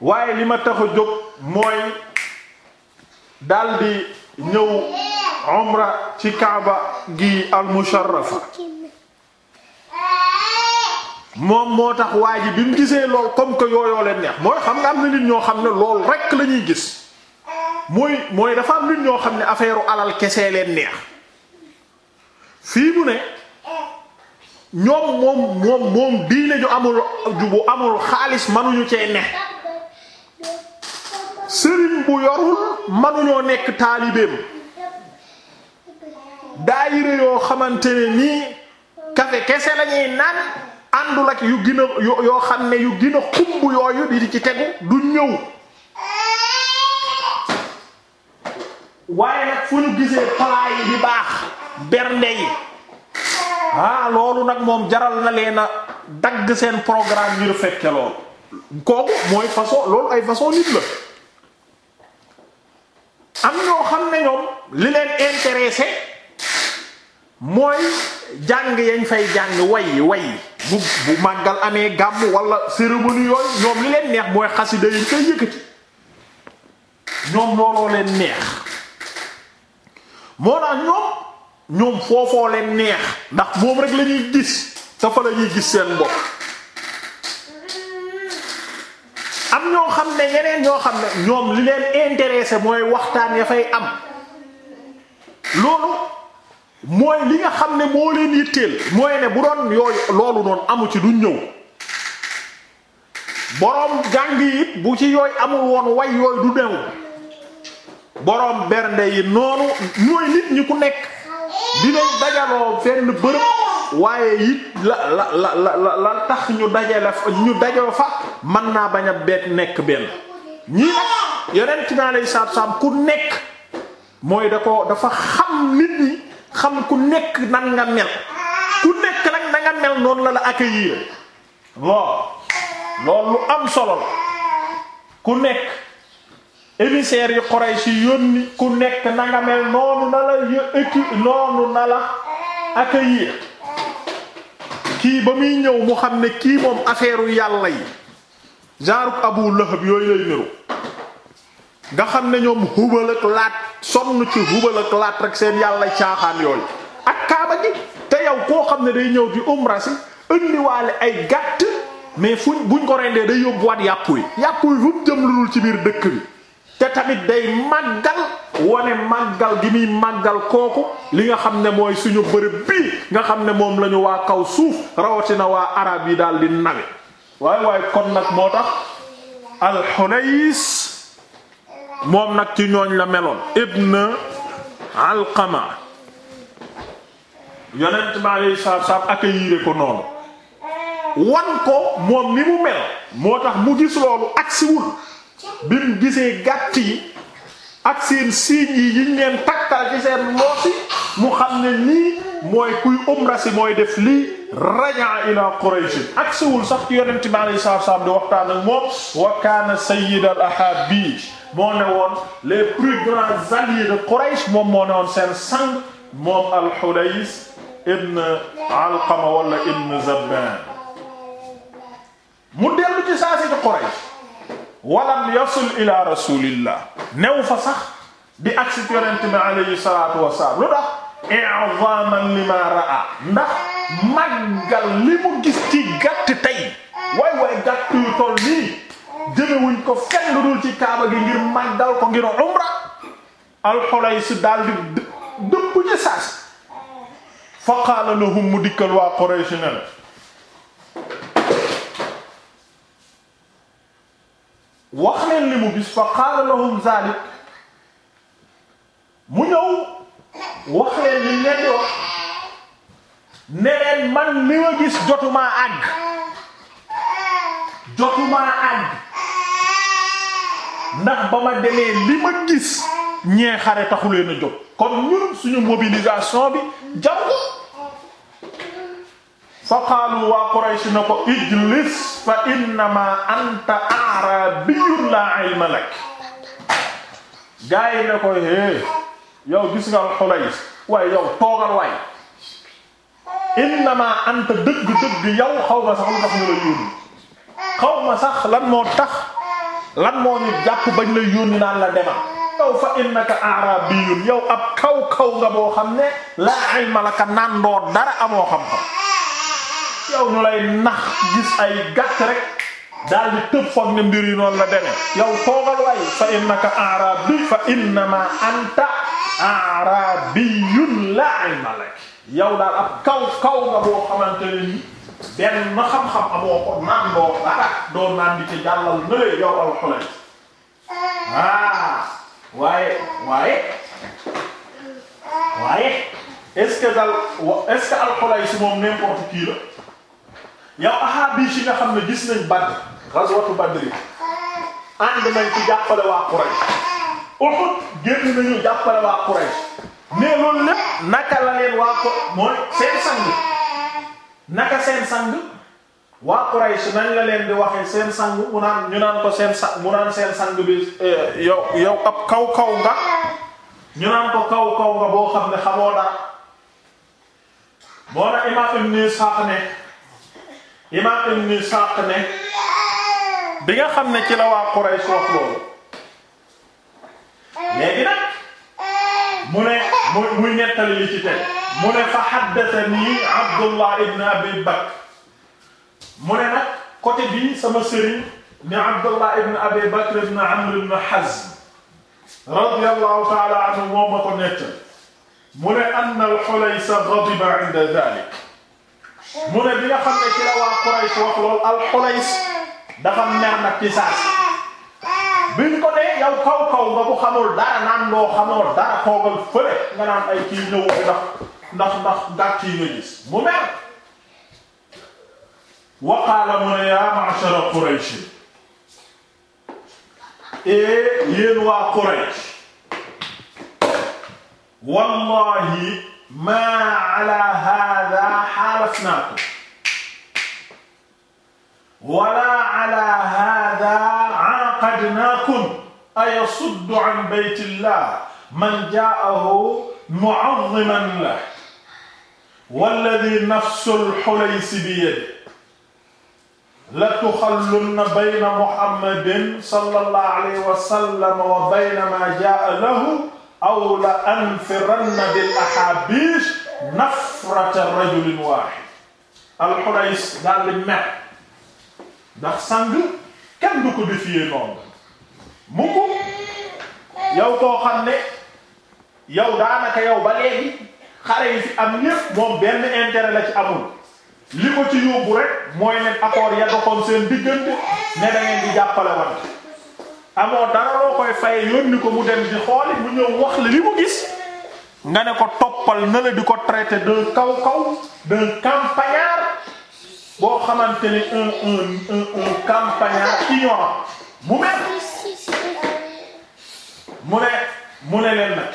waaye li ma tax a jóg mooy daldi ñëw umra ci kaaba gi al musharrafa moom moo tax waa ji bi mu gisee lool comme que yooyoo leen neex mooy xam nga am na nit ñoo xam ne lool rekk lañuy gis mooy mooy dafa am nit ñoo xam ne affaire alal kese leen neex fii mu ne ñoom moom moom moom diine ju amul ju amul xaalis mënuñu cee ne sëriñ bu yorul mënuñoo nekk taalibeem daayira yoo xamante ne nii café kese lañuy naan àndul ak yu gën yoo xam ne yu gën a xumb yooyu di ci tegu du ñëw waaye nag fu ñu gisee palaay yi di baax bernde yi ah loolu nag moom jaral na leen a dagg seen programme ngir fekke loolu kooku mooy façon loolu ay façon nit la am ñoo xam ne ñoom li leen intéressé mooy jàng yañ fay jàng way way bu bu màggal amee gàmm wala cérémonie yooyu ñoom li leen neex mooy xasida yañ koy yëkkati ñoom looloo leen neex moo tax ñoom ñoom foofoo leen neex ndax moom rek lañuy gis te fa lañuy gis seen bopp am ñoo xam ne yeneen ñoo xam ne ñoom li leen intéressé mooy waxtaan ya fay am loolu mooy li nga xam ne moo leen yitteel mooy ne bu doon yooyu loolu noonu amu ci duñ ñëw boroom jàng yit bu ci yooyu amul woon way yooyu du new boroom bernde yi noonu ñooy nit ñi ku nekk dinañ dajaloo fenn bërëb waaye it la la la la tax ñu dajale ñu dajoo fa mën naa bañ a beet nekk benn ñii nag yeneen ci naa lay saab saab ku nekk mooy da ko dafa xam nit ñi xam ku nekk nan nga mel ku nekk nag mel noonu la la accueillir lool loolu am solo la ku nekk émissaires yi Quraysh yónni ku nekk na nga mel noonu na la yëkki noonu na la accueillir kii ba muy ñëw mu xam ne kii moom affaire yàlla yi genre Abu Lahab yooyu lay niru nga xam ne ñoom hubal ak laat sonn ci hubal ak laat rek seen yàlla caaxaan yooyu ak kaaba gi te yow koo xam ne day ñëw di umra si indiwaale ay gàtt mais fuñ buñ ko rendee day yóbbuwaat yàpp yi yàpp yi fu jëm lu dul ci biir dëkk bi te tamit day màggal wane màggal gi muy màggal kooku li nga xam ne mooy suñu bërëb bii nga xam ne moom lañu waa kaw suuf rawatina waa araab yi daal di nawe waaye waaye kon nag moo tax alxunays moom nag ci ñooñ la meloon ibn alqama yonent bi aleyhi salaatu salaam accueillir ko noonu wan ko moom ni mu mel moo tax mu gis loolu agsiwul bi mu gisee gàtt yi ak seen signes yi yiñ leen takkal ci seen loosi mu xam ne nii mooy kuy umra si mooy def lii rajaa ila Quraysh agsiwul sax ci yonent bi aleyhi salaatu salaam waxtaan ak moom wa kaana sayyidal ahaabi moo ne woon les plus grands alliés de Quraysh moom moo ne woon seen sang moom al ibn Alqama wala ibn Zabban mu dellu ci saa si ci Quraysh walam yasul ila rasulillah new fa sax di agsi ci yonent bi alayhi salatu wasalaam lu tax i'zaman lima ra'a ndax màggal li mu gis ci gàtt tey waay waay gàtt jëfewuñ ko fenn lu dul ko ngir umra alxulays wax leen li mu gis fa qaala lahum mu ñëw wax leen li leen di wax ne leen man li ma gis jotumaa àgg jotumaa àgg ndax ba ma demee li ma gis ñee xare taxu leen a jóg kon ñun suñu mobilisation bi jaru fa qaalu waa Quraysh na ko ijlis fa innama anta a'rabiyyun laa ilma lak gaa yi ne ko hé yow gis nga Hulays waaye yow toogal waay innama anta dëgg-dëgg yow xaw ma sax lan moo tax lan moo ñu jàpp bañ la yónni naan la demal yow fa innaka arabiyun yow ab kaw kaw nga boo xam ne laa ilma laka naan doo dara amoo xam-xam yow ñu lay nax gis ay gàtt rek daal tëb foog ne mbir yi noonu la deme yow toogal waay fa innaka arabi fa innama anta arabiyun laa ilma lak yow daal ab kaw kaw nga boo xamante ne benn xam-xam amoo ko naan doo dara doo jàllal nële yow alxulay ah waaye waaye waaye est-ce que dal est-ce que alxulay si moom n'importe qui la yow ahaabi si nga xam ne gis nañ Badr ghazwatu Badr ànd nañ ci jàppale waa Quraysh Uhud génn nañu jàppale waa Quraysh mais loolu lépp naka waa mooy seen sang naka seen sang waa Quraysh su la leen bi waxee seen sang mu naan ñu naan ko seen sang mu seen sang bi eh, yow yow ab kaw kaw nga ñu naan ko kaw kaw nga boo xam ne xamoo dara moo na imaam Ibn Ishaq ne imaam Ibn Ishaq ne bi nga xam ne ci la waa Quraysh wax loolu léegi nag mu ne muy muy nettali li mu ne fa haddathani Abdullah ibn Abi Bakr mu bii sama sëriñ ni Abdullah ibn Abi Amr ibn Hazm radiyallahu ta'ala anhu moom ma ko nettali mu ne anna al-Hulaysa ghadiba 'inda dhalik mu ne bi nga xam ne ci la al-Hulays dafa mer nag ci saa biñ ko dee yow kaw kaw nga bu xamul dara naan loo xamoon dara toogal fële nga naan ay kii ñëw ndax ndax ndax gàtt yi nga gis mu mer wa qaala mu ne yaa ma'shara Quraysh ee yéen waa Quraysh wallahi maa ala haadaa xaalafnaakum wala ala haadaa ja'alnaakum ayasuddu an baytillah man jaa'ahu mu'azziman lahu walladhi nafsul hulaysi biyadihi latuxallunna bayna muhammadin sallallahu alayhi wa sallam wa bayna ma jaa'a lahu aw la anfiranna bil ahaabiish nafrata rajulin waahid al-Hulays daal di mer ndax sàng kenn du ko defee noonu mukku yow koo xam ne yow daanaka yow ba léegi xare yi fi am ñépp moom benn intérêt la ci amul li ko ci yóbbu rek mooy ne accord ya doxoon seen diggante ne da ngeen di jàppale woon amoo dara loo koy faye yónni ko mu dem di xooli mu ñëw wax la li mu gis nga ne ko toppal na la di ko traité d'un kaw-kaw d'un campagnard boo xamante ni un un un un campagnard ignorant mu mel mu ne mu ne leen nag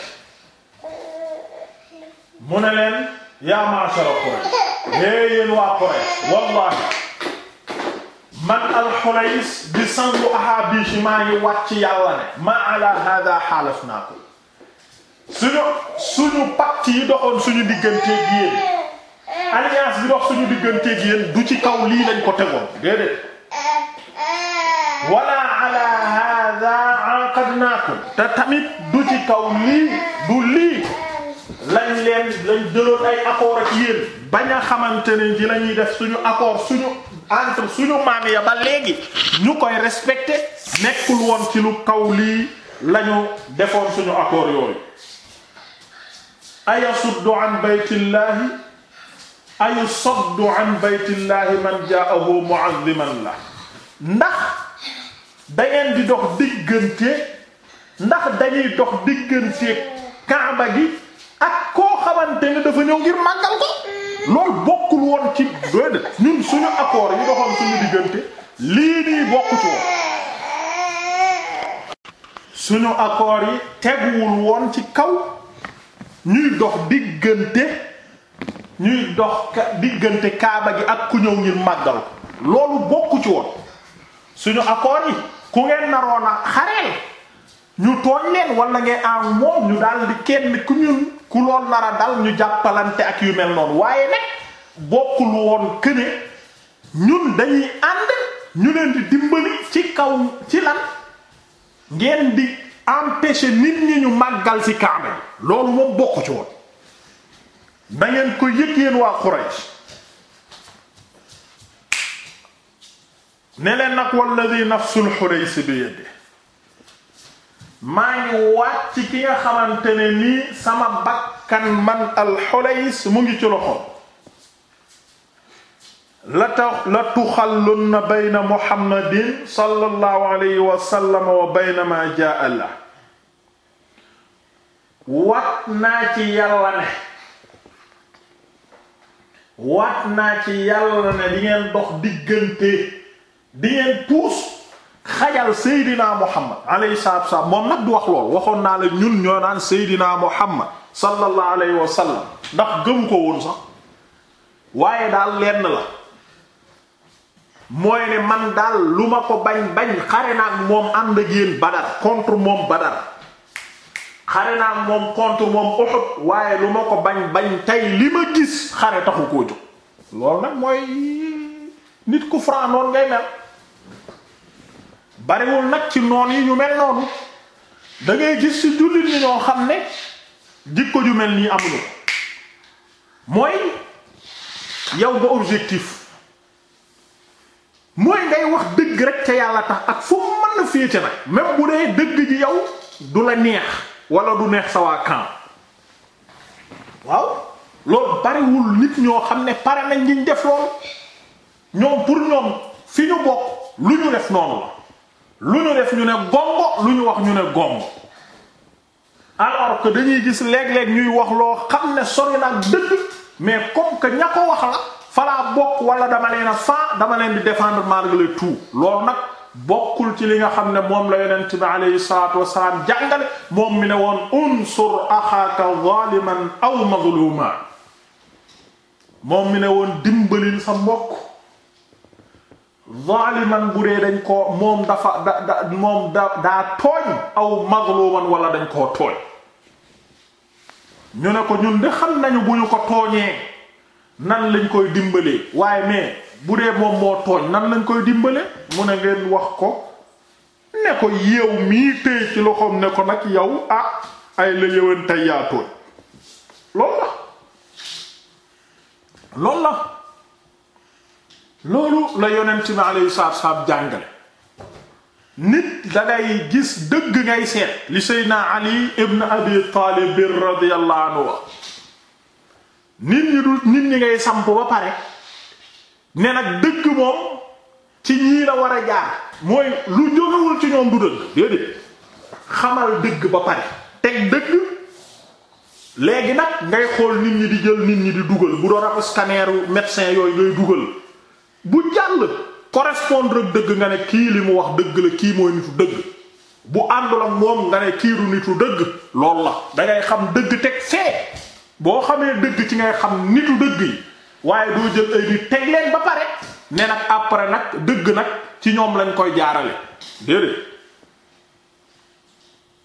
mu ne leen yaa ma'shara Quraysh hee yéen waa Quraysh wallahi man al di sangu Ahaabiis maa ngi wàcc yàlla ne ma ala hada xaalafnaakum suñu suñu pacte yi doxoon suñu digganteeg yéen alliance bi dox suñu digganteeg yéen du ci kaw lii lañ ko tegoon déedéet wala ala hadha aqadnaakum te tamit du ci kaw lii du lii lañ leen ay accord ak yéen xamante ne ci la def suñu accord suñu entre suñu maam ya ba léegi ñu koy respecté nekkul woon ci lu kaw lii lañu defoon suñu accord yooyu ayasuddu an baytillahi ayusuddu an baytillahi man jaahu mu'azziman la dangeen ngeen di dox diggante ndax dañuy dox diggante kaaba gi ak koo xamante ne dafa ñëw ngir màggal ko loolu bokkul woon ci suñu akoor yi doxoon suñu diggante lii nii suñu accord yi woon ci kaw ñuy dox ñuy dox kaaba gi ak ku ñëw ngir màggal loolu bokku ci woon yi ku ngeen naroon a xareel ñu tooñ leen wala ngeen am moom ñu daal kenn ku ñun ku lool nar dal ñu jàppalante ak yu mel noonu waaye nag bokkul woon këne ñun dañuy ànd ñu leen di dimbali ci kaw ci lan ngeen di empêcher nit ñi ñu màggal ci kaaba loolu moom bokku ci woon na ngeen ko yëg yéen waa Quraysh ne leen nag walladi nafsul Hudaysi bi yadihi maa ngi waat ci ki nga xamante ne nii sama bakkan man al Hudays mu ngi ci loxo la tax la tuxallunna bayna Muhammadin sallallahu alayhi wa naa ci yàlla ne waat naa ci yàlla ne di ngeen dox diggante di ngeen puus xajal Seydina Muhammad alayhi salaatu moom nag du wax lool waxoon naa la ñun ñoo naan Seydina Muhammad sallallahu alayhi wa sallam ndax gëm ko woon sax waaye daal lenn la mooy ne man daal lu ma ko bañ bañ xare naag moom ànd ak yéen Badar contre moom Badar xare naag moom contre moom Uhud waaye lu ma ko bañ bañ tey li ma gis xare taxu koo jóg loolu nag mooy nit ku ngay mel. bariwul nag ci noon yi ñu mel noonu dangay gis ci jullit ñi ñoo xam ne jikko ju mel nii amuñu mooy yow nga objectif mooy ngay wax dëgg rek ca yàlla tax ak fu mën na féete nag même bu dee dëgg ji yow du la neex wala du neex sawar waa waaw loolu bariwul nit ñoo xam ne pare nañ ñu def loolu ñoom pour ñoom fi ñu bokk lu ñu def noonu la lu ñu def ñu ne gongo lu ñu wax ñu ne gongo alors que dañuy gis léeg-léeg ñuy wax loo xam ne sori na dëgg mais comme que ña ko wax la falaa bokk wala dama leen a faa dama leen di défendre malgré tout loolu nag bokkul ci li nga xam ne moom la yonent bi aleyhi salaatu wasalaam jàngale moom mi ne woon unsur axaaka zaliman aw mazluma moom mi ne woon dimbalil sa mbokk zaliman bu dee dañ koo moom dafa da da moom da daa tooñ aw mazluman wala dañ koo tooñ ñu ne ko ñun de xam nañu bu ñu ko tooñee nan lañ koy dimbalee waaye mais bu dee moom moo tooñ nan lañ koy dimbale mu ne ngeen wax ko ne ko yeew mii téye ci loxoom ne ko nag yow ah ay la yëwan yaa tooñ loolu la loolu la loolu la yonent bi alayhi salaatu salaam jàngale nit dangay gis dëgg ngay seet li seydna ali ibn abi taalib radiyallahu anhu wa nit ñi du nit ñi ngay samp ba pare ne nag dëgg moom ci ñii la war a jaar mooy lu jógewul ci ñoom du dëgg déedéet xamal dëgg ba pare teg dëgg léegi nag ngay xool nit ñi di jël nit ñi di dugal bu doon ab scanneru médecin yooyu ngay dugal bu jàll correspondre ak dëgg nga ne kii li mu wax dëgg la kii mooy nitu dëgg bu àndul ak moom nga ne kii du nitu dëgg lool la dangay xam dëgg teg fee boo xamee dëgg ci ngay xam nitu dëgg yi waaye doo jël ay di teg leen ba pare ne nag après nag dëgg nag ci ñoom lañ koy jaarale déedéet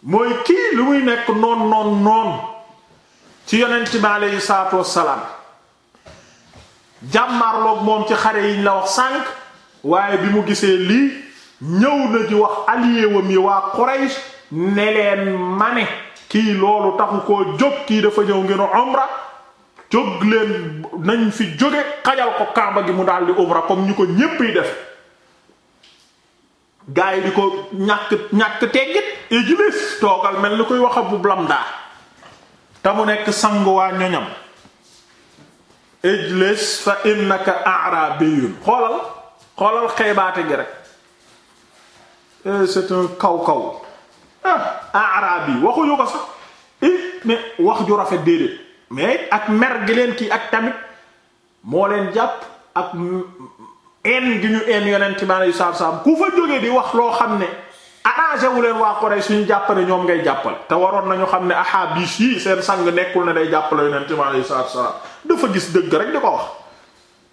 mooy kii li muy nekk noon noon noon ci yonent bi aleyhi salaatu wassalaam jàmmarloog moom ci xare yiñ la wax sànq waaye bi mu gisee lii ñëw na di wax allié wam yi waa Quraysh ne leen ma ne kii loolu taxu koo jóg kii dafa ñëw ngeen umra jóg leen nañ fi jóge xajal ko Kaaba gi mu daal di umra comme ñu ko ñépp yi def gaay yi di ko ñàkk ñàkk teggit Iblis toogal mel ni koy wax a bu blam te mu nekk sanguwaa ñoñam ijlis fa innaka a'rabiyun xoolal xoolal xeebaate gi rek c'est un kaw kaw ah arabi waxuñu ko sax it mais wax ju rafet déedéet mais ak mer gi leen kii ak tamit moo leen jàpp ak en gi ñu en yonent bi aleyhi salaatu salaam ku fa jógee di wax loo xam ne Ah, arrangé wu leen waa Quraysh suñu jàppale ñoom ngay jàppale te waroon nañu xam ne ahaabis yi seen sang nekkul ne day jàppale yonent bi alayhi salaatu wasalaam dafa gis dëgg rek di ko wax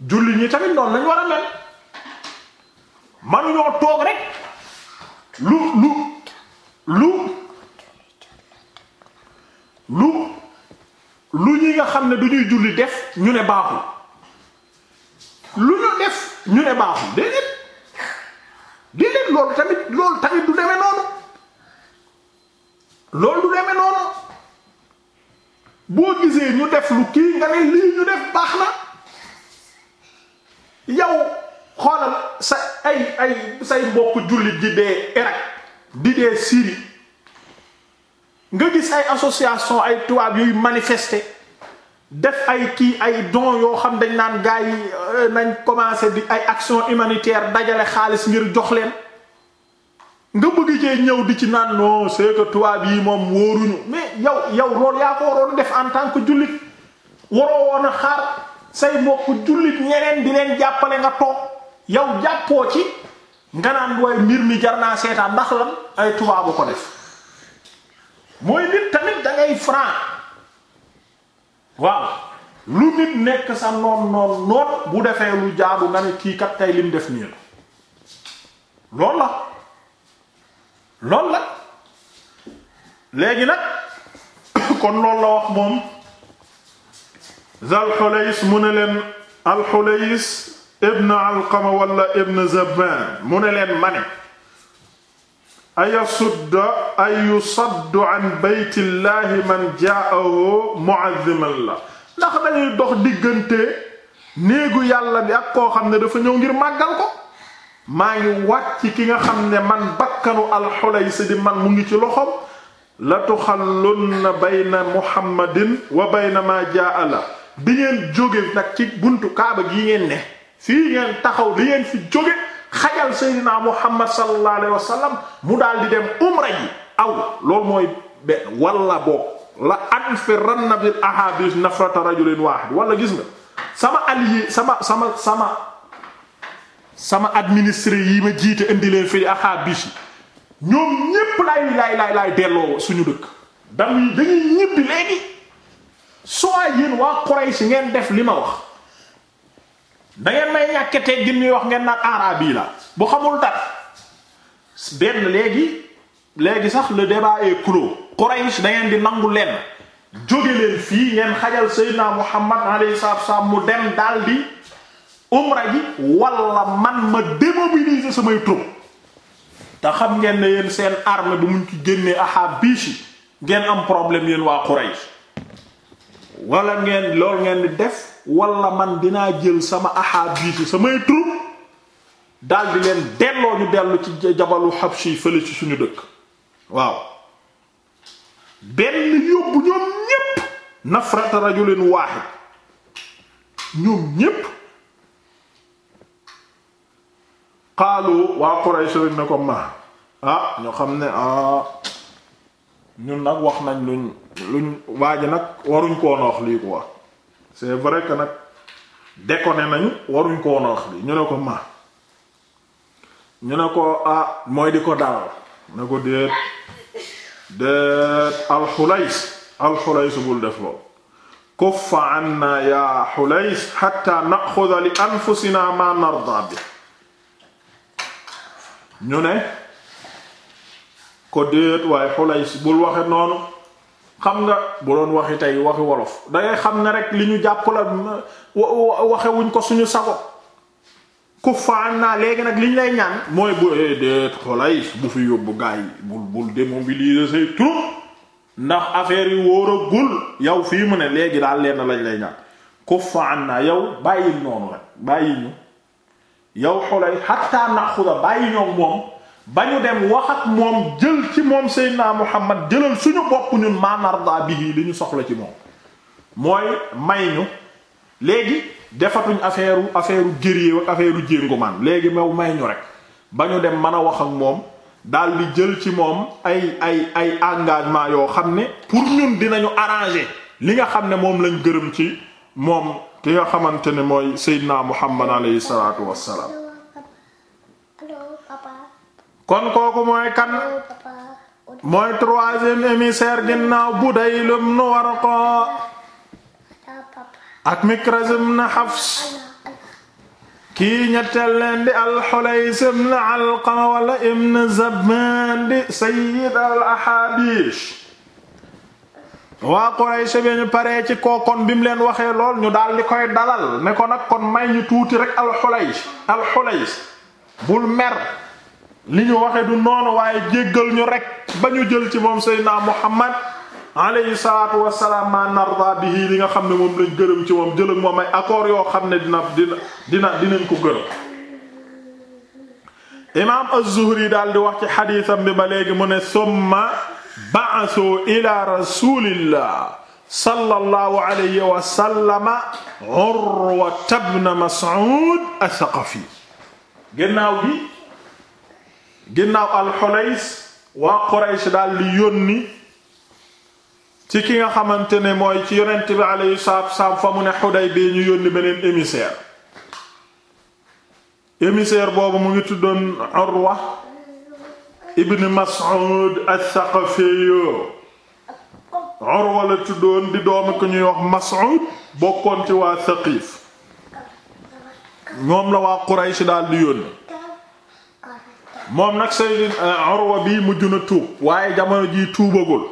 julli ñi tamit noonu lañ war a mel manuñoo toog rek lu lu lu lu ñi nga xam ne duñuy julli def ñu ne baaxul lu ñu def ñu ne baaxul déedéet déedéet loolu tamit loolu tamit du demee noonu loolu du demee noonu boo gisee ñu def lu kii nga ne lii ñu def baax na yow xoolal sa ay ay say mbokk jullit di dee Irak di dee Syrie nga gis ay association ay tubaab yuy manifester def ay kii ay don yoo xam dañ naan gars yi euh, nañ commencé di ay action humanitaire dajale xaalis ngir jox leen nga bëgg cee ñëw di ci naan non c'est tubaab yi moom wóoruñu mais yow yow loolu yaa ko waroon def en tant que jullit waroo woon a xaar say mbokk jullit ñeneen di leen jàppale nga toog yow jàppoo ci nga naan waaye mbir mi jar naa seetaan ndax lan ay tubaabu ko def mooy nit tamit da ngay waaw lu nit nekk sa noon noon noon bu defee lu jaabu nga ne kii kat tey lim def nii la lool la lool la léegi nag kon loolu la wax moom zal xulays mu ne leen alxulays ibn alqama wala ibn zabban mu ne leen mane ayasudda ay yusaddu an beytillahi man jaahu mu'azziman la ndax dañuy dox diggante néegu yàlla bi ak koo xam ne dafa ñëw ngir màggal ko maa ngi wàcc ki nga xam ne man bakkanu alxulaysa di man mu ngi ci loxom la tuxallunna bayna muhammadin wa bayna ma jaa la di ngeen jóge nag ci buntu kaaba gi ngeen ne fii ngeen taxaw di ngeen fi jóge xajal seydinaa muhammad sallallahu alayhi wa mu daal di dem umra ji aw loolu mooy benn wala boog la anfiranna bil ahadith nafrata rajulin wahid wala gis nga sama allié sama sama sama sama administré yi ma jiite indi leen fii ahadith yi ñoom ñépp laay laay laay delloo suñu dëkk yi dañuy ñibbi léegi soo yéen waa Quraysh ngeen def li ma wax da ngeen may ñàkk teggin ñuy wax ngeen naan arabi la bu xamul dara benn léegi léegi sax le débat est clos Quraysh da di nangu lenn jóge leen fii ngeen xajal Seydina Muhammad alayhi salaatu wasallam mu dem daal di umra ji wala man ma démobiliser samay troupes te xam ngeen ne yéen seen armée bu muñ ci génnee aha biishi ngeen am problème yéen waa Quraysh wala ngeen loolu ngeen di def. wala man dinaa jël sama ahaabiitu samay troupe daldi leen delloo ñu dellu ci jabalu Habshi fële ci suñu dëkk waaw benn yóbbu ñoom ñépp nafrata rajulin waahid ñoom ñépp xaalu waa Quraysh lañ ne ko ma ah ñoo xam ne ah ñun nag wax nañ luñ luñ waa nag waruñ koon wax lii ko wax c'est vrai que nag déconné nañu waruñ koo woon wax bi ñu ne ko ma ñu ne ko ah mooy di ko dalal ne ko déet déet alxulays alxulays bul def lool kuffa anna ya xulays xatta naxuda li anfusina ma narda bi ñu ne ko déet waaye xulays bul waxe noonu xam nga bu doon waxi tey waxi wolof dangay xam ne rek li ñu jàpp la waxewuñ ko suñu sago ku faan naa léegi nag li ñu lay ñaan mooy bu eh, déet xolay bu fi yóbbu gaay bul bul démobiliser say troupes ndax affaire yi wóoragul yow fii mu ne léegi daal lenn lañ lay ñaan ku faan naa yow bàyyil noonu rek bàyyi ñu yow xolay xattaa naxuda bàyyi ñoom moom ba ñu dem wax ak moom jël ci moom Seydina Muhammad jëlal suñu bopp ñun manarda bi li ñu soxla ci moom mooy may ñu léegi defatuñ affaire affaire guerrier ak affaire jéngumaan léegi mow may ñu rek ba ñu dem mën a wax ak moom daal di jël ci moom ay ay ay engagement yoo xam ne pour ñun dinañu arranger li nga xam ne moom lañ gërëm ci moom ki nga xamante ne mooy naa Muhammad alayhi salaatu wassalaam kon kooku mooy kan mooy troisième émissaire ginnaaw Budayl ibn Warqa ak Mikraz ibn Hafs kii ñetteel leen di al-Hulays ibn Alqama wala ibn Zabban di sayyid al-Ahabish waa Quraysh bi ñu paree ci kookon bi mu leen waxee lool ñu daal di koy dalal ne ko nag kon may ñu tuuti rek al-Hulays bul mer li ñu waxe du noonu waaye jéggal ñu rek ba ñu jël ci moom seydna muhammad alayhi salaatu wassalaam ma narda bihi li nga xam ne moom lañ gërëm ci moom jël ak moom ay yoo xam ne dina dina dina dinañ ko gërëm imaam az daal di wax ci xadiisam bi ba léegi mu ne summa ba'asu ila rasulillah sallallahu alayhi wa sallama urwa ibn mas'ud as-saqafi gannaaw bi ginnaaw alxulays waa Quraysh daal di yónni ci ki nga xamante ne mooy ci yonent bi yu salaatu salaam fa mu ne bii ñu yónni beneen émissaire émissaire boobu mu ngi tuddoon Urwa ibn Mas'ud as-Saqafi Urwa la tuddoon di doomi ku ñuy wax Mas'ud bokkoon ci waa Saqif ñoom la waa Quraysh daal di yónni moom nag sayyid euh, Urwa bi mujj na tuub waaye jamono ji tuubagul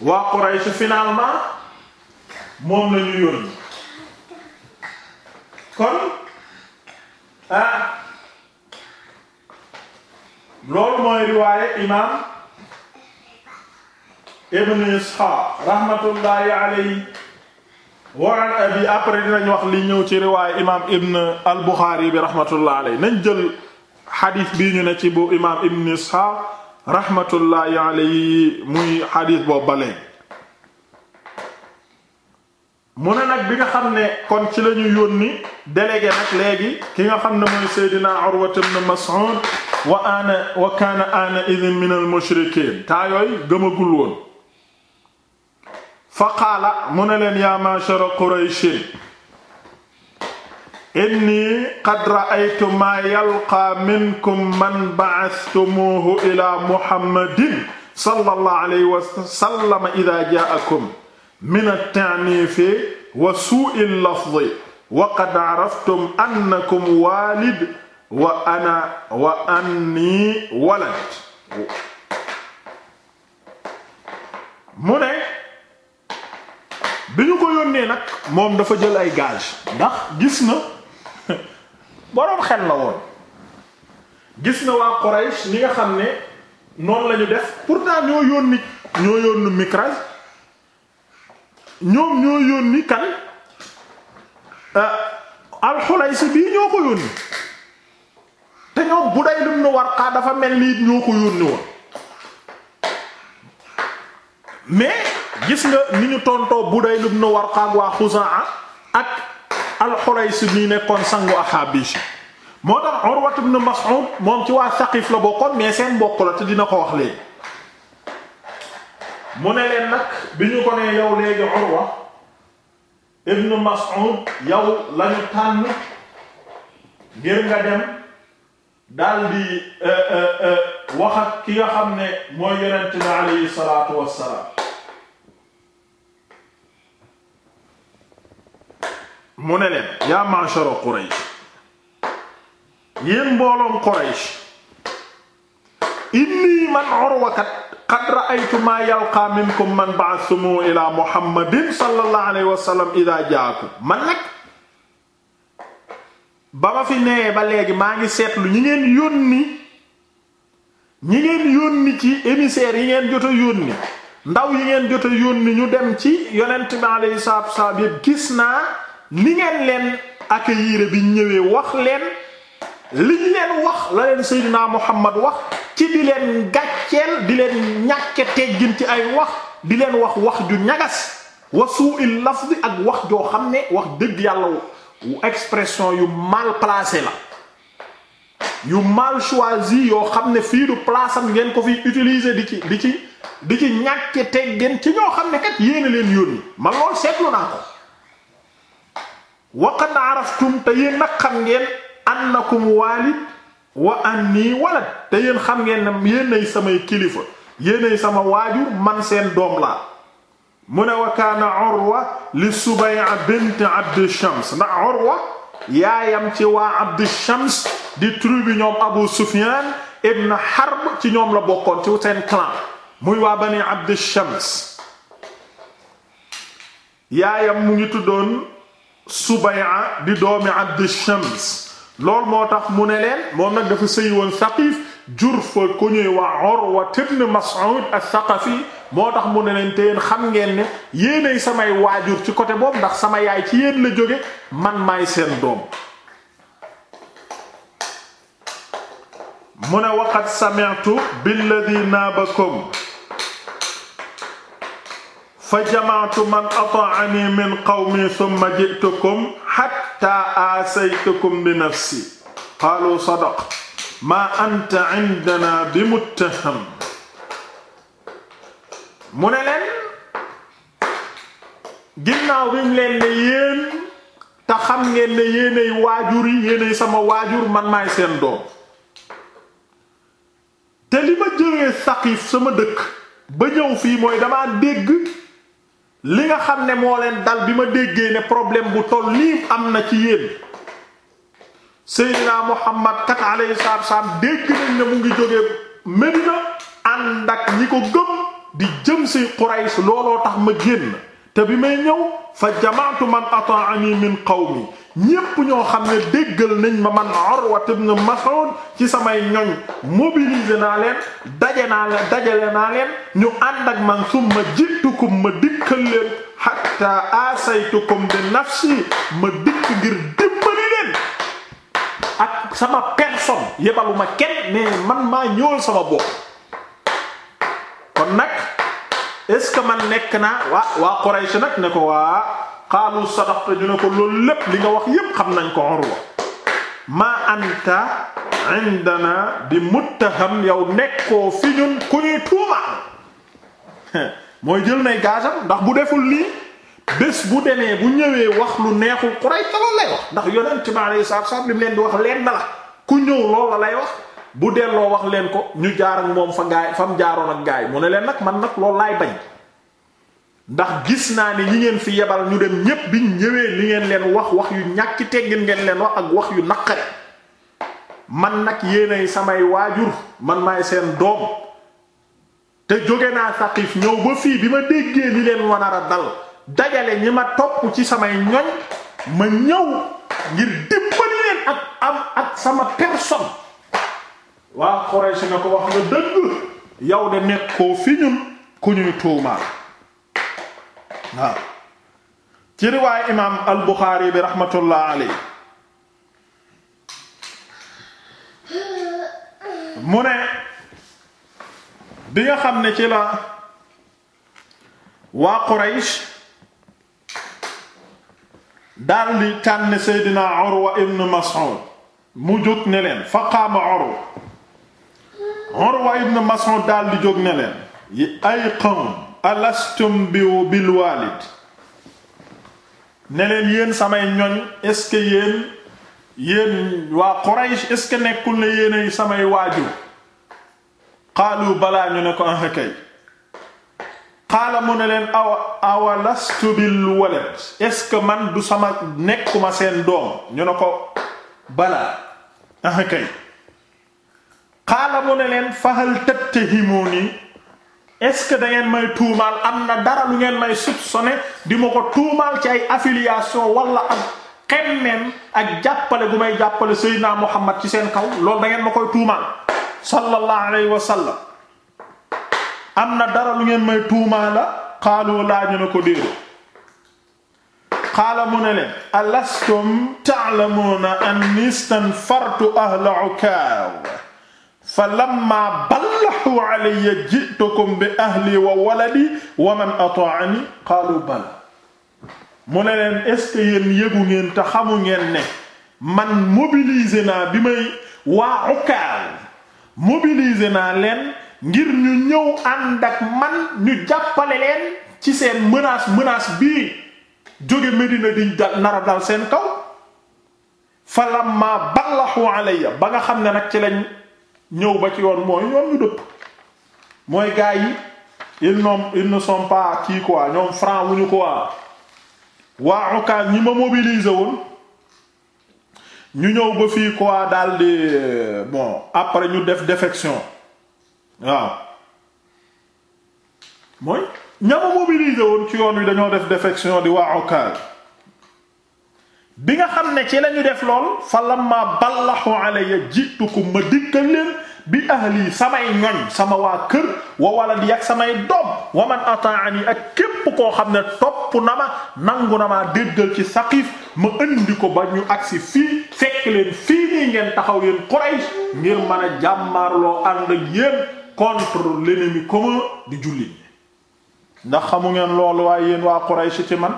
waa Quraysh finalement moom la ñu kon ah, loolu mooy riwaaye imaam Ibn Isxaaq rahmatullahi alayhi wa an abi après dinañ wax li ñëw ci riwaaye imaam Ibn al Buxaari bi rahmatullahi alayhi nañ jël. xadis bii ñu ne ci bu imaam ibn isxaaq raxmatullaahi alayhi muy xadis boobu ba léegi mu ne nag bi nga xam ne kon ci la ñu yónni délégué nag léegi ki nga xam ne mooy seydina urwat ibn mas'ud wa ana wa kaana ana min al mushrikiin taa yooyu gëmagul woon fa qaala mu ne leen yaa ma'shara qurayshin inni qad ra'aytu maa yalqaa minkum man ba'ashtumuuhu ilaa muhammadin sallallahu alayhi wa sallam idaa jaa'akum min at-ta'niifi wa suu'i al-lafdi wa qad araftum annakum waalid wa ana wa anni walad mu ne bi ñu ko yónnee nag moom dafa jël ay gage ndax gis na boroom xel na woon gis na waa Quraysh li nga xam ne noonu lañu ñu def pourtant ñoo yónni ñoo yónni Mikraz ñoom ñoo yónni kan euh, alxulaysi bii ñoo ko yónni te ñoom Budayl ibn Warqa dafa mel ni it ñoo ko yónni woon mais gis nga ni ñu tontoo Budayl ibn Warqa ak waa Xuzaa ak alxulays mii nekkoon sangu axaabish moo tax Urwat ibn Mas'ud moom ci waa Saqif la bokkoon mais seen mbokk la te dina ko wax léegi mu ne leen nag bi ñu ko nee yow léegi Urwa ibn Mas'ud yow lañu tànn ngir nga dem daldi eh, eh, eh, wax ak ki nga xam ne mooy yonent bi alayhi salaatu wassalaam mu ne leen yaa ma'shara Quraysh yéen mbooloom Quraysh inni man Urwakat qad ra'aytu ma yalqa minkum man ba'athumu ila Muhammadin sallallahu alayhi wa sallam idha man nag ba ma fi nee ba léegi maa ngi seetlu ñi ngeen yónni ñi ngeen yónni ci émissaires yi ngeen jot a yónni ndaw yi ngeen jot a yónni ñu dem ci yonent bi alayhi salaatu wa yépp gis naa li ngeen leen accueillir bi ñëwee wax leen liñ leen wax la leen Seydina Muhammad wax ci di leen gàcceel di leen ñàkke teggin ci ay wax di leen wax wax ju ñagas wa su'il lafzi ak wax joo xam ne wax dëgg yàlla wu expression yu mal placé la yu mal choisi yoo xam ne fii du place ngeen ko fiy utiliser di ci di ci di ci ñàkke teggin ci ñoo xam ne kat yéena leen yónni ma lool seetlu naa ko wa qad araftum te yéen nag xam ngeen annakum waalid wa anni walad te yéen xam ngeen yéenay samay kilifa yéenay sama waajur man seen doom la mu ne wa kaana urwa li subay'a bint urwa yaayam ci waa abd shams di tribu ñoom abu sufyan ibn harb ci ñoom la bokkoon ci seen clan muy waa bani abd shams yaayam mu ngi tuddoon Subay'a di doomi Abd Shams loolu moo tax mu ne leen moo nag dafa sëy woon Saqif jur fa ku ñuy waa Urwa ibn Mas'ud as-Saqafi moo tax mu ne leen te yéen xam ngeen ne yéenay samay waajur ci côté boobu ndax sama yaay ci yéen la jóge man maay seen doom mu ne waqad sami'tu billadhi nabakum fa jamaatu man ata'ani min qawmi thumma ji'tukum hatta aasaytukum bi nafsi qaalu sadaq maa anta indana bi muttaham mu ne leen ginnaaw bi mu leen ne xam ngeen ne yéenay waajur yi yéenay sama waajur man may seen doom te li ma jógee Saqiif sama dëkk ba ñëw fii mooy dama dégg li nga xam ne moo leen dal bi ma déggee ne problème bu toll lii am na ci yéen Seydina Muhammad kat alayhi salaatu wa dégg nañ ne mu ngi jógee Medina ànd ak ñi ko gëm di jëm si Quraysh looloo tax ma génn te bi may ñëw fa jamaatu man ata'ani min qawmi ñépp ñoo xam ne déggal nañ ma man Urwa ibn Mas'ud ci samay ñoñ mobiliser naa leen daje naa leen dajale naa leen ñu ànd ak man summa jittukum ma dikkal leen hatta asaytukum bi nafsi ma dikk ngir dimbali leen ak sama personne yebaluma kenn mais man maa ñëwal sama bopp kon nag est man nekk naa waa waa Quraysh nag ne ko waa qaalu sadaqta ñu ne ko loolu lépp li nga wax yépp xam nañ ko Urwa maa anta indana bi muttaham yow nekkoo fi ñun ku ñuy tuuma mooy jël nay gaasam ndax bu deful lii bés bu demee bu ñëwee wax lu neexul Quraysh loolu lay wax ndax yonent bi alayhi salaatu salaam li mu leen di wax leen na la ku ñëw loolu la lay wax bu delloo wax leen ko ñu jaar ak moom fa gaay fam jaaroon ak gaay mu ne leen nag man nag lool laay bañ ndax gis naa ni ñi ngeen fi yebal ñu dem ñépp biñ ñëwee li ngeen leen wax wax yu ñàkki teggin ngeen leen wax ak wax yu naqare man nag yéenay samay waajur man maay seen doom te jóge naa Saqif ñëw ba fii bi ma déggee li leen wanar a dal dajale ñi ma topp ci samay ñoñ ma ñëw ngir dimbali leen ak am ak sama personne waa Quraysh na ko wax nga dëgg yow de nekkoo fi ñun ku ñuy tuumaal waaw ci riwaay imaam al Buxaari bi raxmatullah alayhi mu ne bi nga xam ne ci la waa Quraysh daldi tànn Seydina Urwa ibn Mas'ud mu jóg ne leen fa qaama Urwa Urwa ibn Mas'ud daldi jóg ne leen yi ay qawm alastum bi bil waalid ne leen yéen samay ñoñ est-ce que yéen waa Quraysh est-ce que nekkul ne samay waajur qaalu balaa ñu ne ko ah kay mu ne leen awa awalastu bil walad est-ce que man du sama nekkuma seen doom ñu ne ko balaa ah kay qaala mu ne leen fahal tattahimuni est-ce da ngeen may tuumaal am na dara lu ngeen may soupçonné di ma ko tuumaal ci ay affiliation wala ak xemmem jàppale gu may jàppale Seydina Muhammad ci seen kaw loolu da ngeen ma koy tuumaal sallallahu alayhi wa sallam am na dara lu ngeen may tuumaala xaaloo laañu na ko déeru qaala mu ne leen alastum ta'lamuna anni istanfartu ahla ukaaw fa lamma ballahu alayya ji'tukum bi ahli wa waladi wa man ata'ani qaalu bala mu ne leen est yégu que yéen ngeen te xamu ngeen ne man mobiliser naa bi may waa Ukaal mobiliser naa leen ngir ñu ñëw ànd ak man ñu jàppale leen ci seen menace menace bii jóge Medina di nara dal seen kaw fa lamma ballahu alayya ba nga xam ne nag ci lañ ñëw ba ci yoon mooy yoon ñu dëpp mooy gars yi ils n'ont ne sont pas kii quoi ñoom franc wu ñu ko waa waa Ukaas ñi ma mobilisé woon ñu ñëw ba fii quoi daal di bon après ñu def défection waaw mooy ña ma mobilisé woon ci yoon wi dañoo def défection di waa Ukaas bi nga xam ne ci lañu def lool fa lamma ballahu alayya jitukum ma dikkal leen bi ahli samay ñoñ sama waa kër wa walad yak samay doom wa man ata'ani ak képp koo xam ne topp na ma nangu na maa déggal ci saqif ma indi ko ba ñu agsi fii fekk leen fii nii ngeen taxaw yéen Quraysh ngir mën a jàmmarloo ànd ak yéen leneen yi commun di jullit ndax xamu ngeen loolu waaye yéen waa Quraysh ci man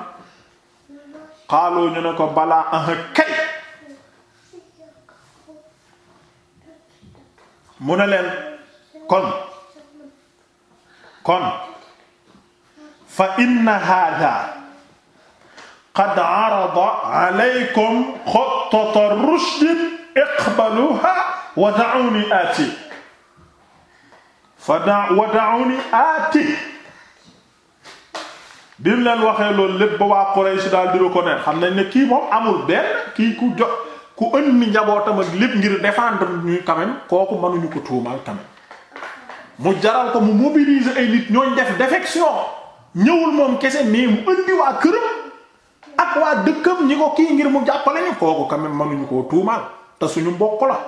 xaaloo ñu ne ko balaa aha kay mu ne leen kon kon fa inna haadaa qad arada alaykum xuttata rushdin iqbaluhaa wa da'uunii aati fa wa da'uunii aati bi mu leen waxee loolu lépp ba waa Quraysh daal ko reconnaître xam nañ ne kii moom amul benn kii ku jot ku ëndi njabootam ak lépp ngir défendre ñu quand kooku mënuñu ko tuumal quand mu jaral ko mu mobiliser ay ñooñ def défection ñëwul moom kese mais mu ëndi waa këram ak waa dëkkam ñi ko kii ngir mu jàppale ñu kooku quand même mënuñu koo tuumal te suñu mbokk la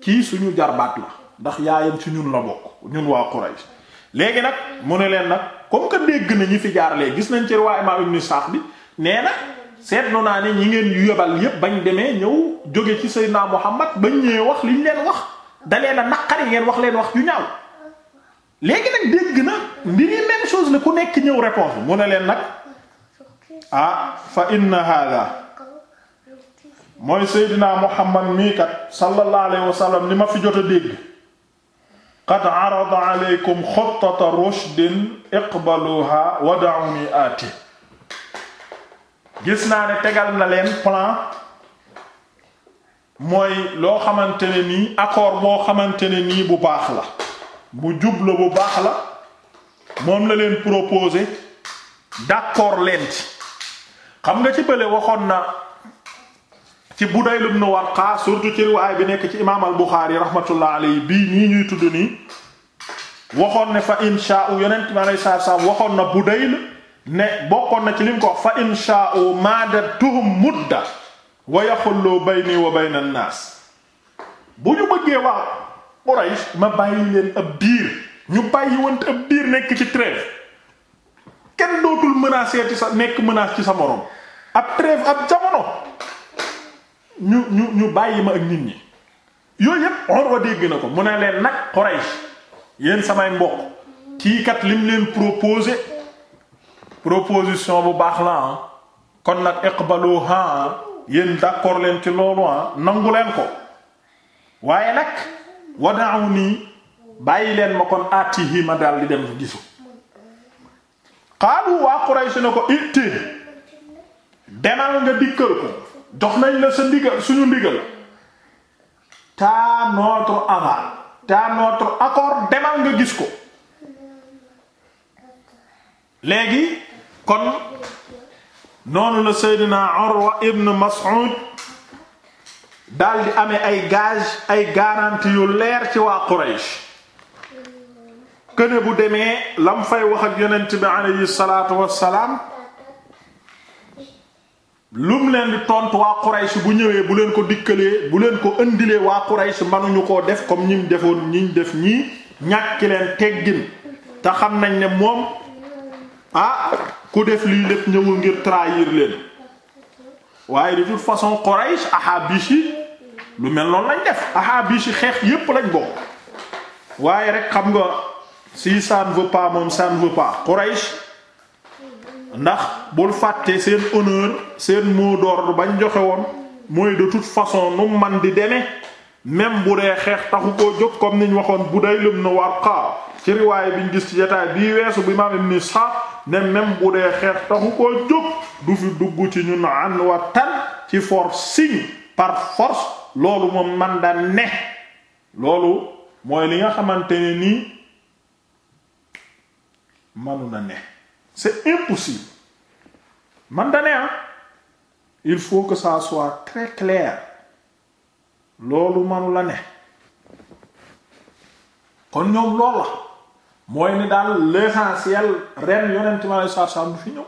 kii suñu jarbaat la ndax yaayam ci ñun la bokk ñun waa Quraysh léegi nag mu ne leen nag comme que dégg na ñi fi jaaralee gis nañ ci riwaay imaam ibn Sa'd bi nee na seetlu naa ne ñi ngeen yebal yépp bañ demee ñëw jóge ci Seydina Muhammad bañ ñëwee wax liñ leen wax dalee na naqari ngeen wax leen wax yu ñaaw léegi nag dégg na mbir yi même la ku nekk ñëw réponse mu ne leen nag ah fa inna hada mooy Seydina Muhammad mii kat sallallahu alayhi wa sallam li ma fi jot a dégg. qad arada aleykum xottata rushdin gis naa ne tegal na leen plan mooy loo xamante ne nii accord boo xamante ne nii bu baax la bu jub la bu baax la moom la leen proposé d'accord leen xam nga ci bële waxoon na ci Budayl ibn Warqa surtout ci riwaay bi nekk ci imaam al Buxaari rahmatullah bii nii ñuy tudd nii waxoon ne fa inshaa'u yonent bi alayhi salaatu salaam waxoon na Budayl ne bokkoon na ci lim ko wax fa inshaa'u maadatuhum mudda wa yaxullu bayni wa bayna an-naas bu ñu bëggee wax Quraysh ma bàyyi leen ab diir ñu bàyyi wante ab diir nekk ci trêve kenn dootul menacer ci sa nekk menace ci sa moroom ab trêve ab jamono ñu ñu ñu bàyyi ma ak nit ñi yooyu yépp on va dégg na ko mu ne leen nag Quraysh yéen samay mbokk kii kat lim leen proposé proposition bu baax la ah kon nag iqbalu ha yéen d'accord leen ci loolu ah nangu leen ko waaye nag wadaaw nii bàyyi leen ma kon aatihi ma dal di dem gisu xaalu waa Quraysh ne ko itti demal nga dikkal ko jox nañ la sa ndigal suñu ndigal ta notre aval ta notre accord demal nga gis ko léegi kon noonu la Seydina Urwa ibn Mas'ud daldi ame ay gage ay garantie yu leer ci waa Quraysh këne bu demee lam fay wax ak yonent bi alayhi salaatu wassalaam lum leen di tontu waa Quraysh bu ñëwee bu leen ko dikkalee bu leen ko indilee waa Quraysh mënuñu koo def comme ñim defoon ñiñ def ñii ñàkki leen teggin te xam nañ ne moom ah ku def lii lépp ñëwul ngir trahir leen waaye de toute façon Quraysh Ahabish yi lu mel noonu lañ def Ahabish yi xeex yépp lañ bokk waaye rek xam nga si ça veut pas moom ça ne veut pas Quraysh ndax bul fàtte seen honneur seen mot bañ joxe woon mooy de toute façon nu man di deme même bu dee xeex taxu koo jóg comme niñ waxoon bu day lëm na Warqa ci riwaay biñ gis ci jotaay bi weesu bi imaam Ibn sa ne même bu dee xeex taxu ko jóg du fi dugg ci ñun an wa tan ci force signe par force loolu moom man da ne loolu mooy li nga xamante ne nii manu na ne c'est impossible man da ne ah il faut que sa soit très loolu manu la ne kon ñoom loolu la mooy ni daal l'essentiel ren yonent ma lay saar du fi ñëw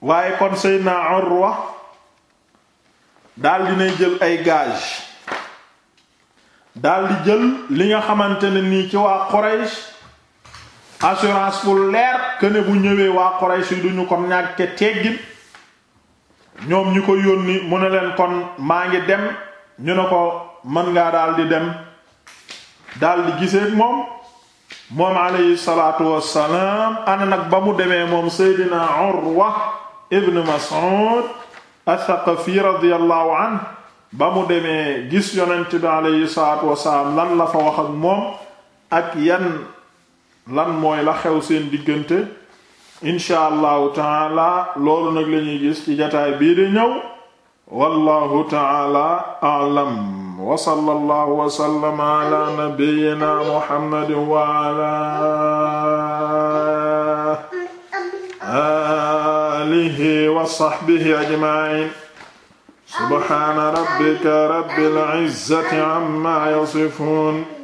waaye kon Seydina Urwa daal dinay jël ay gage daal di jël li nga xamante ne nii ci waa Quraysh assurance bu leer que bu ñëwee waa Quraysh yi duñu ko ñàkke teggin ñoom ñi ko yónni mu ne leen kon maa ngi dem ñu ne ko mën ngaa daal di dem daldi di gisee moom moom alayhi salaatu wassalaam ana nag ba mu demee moom Seydina Urwa ibn Mas'ud ath-Thaqafi radiyallahu anhu ba mu demee gis yonent bi alayhi salaatu wassalaam lan la fa wax ak moom ak yan lan mooy la xew seen diggante incha allahu taala loolu nag la ñuy gis ci jataay bii di ñëw wallahu taala a'lam wa sallallahu wa sallama ala nabiyyina muhammadin wa ala alihi wa sahbihi ajma'in subhana rabbika rabbil izzati amma yasifun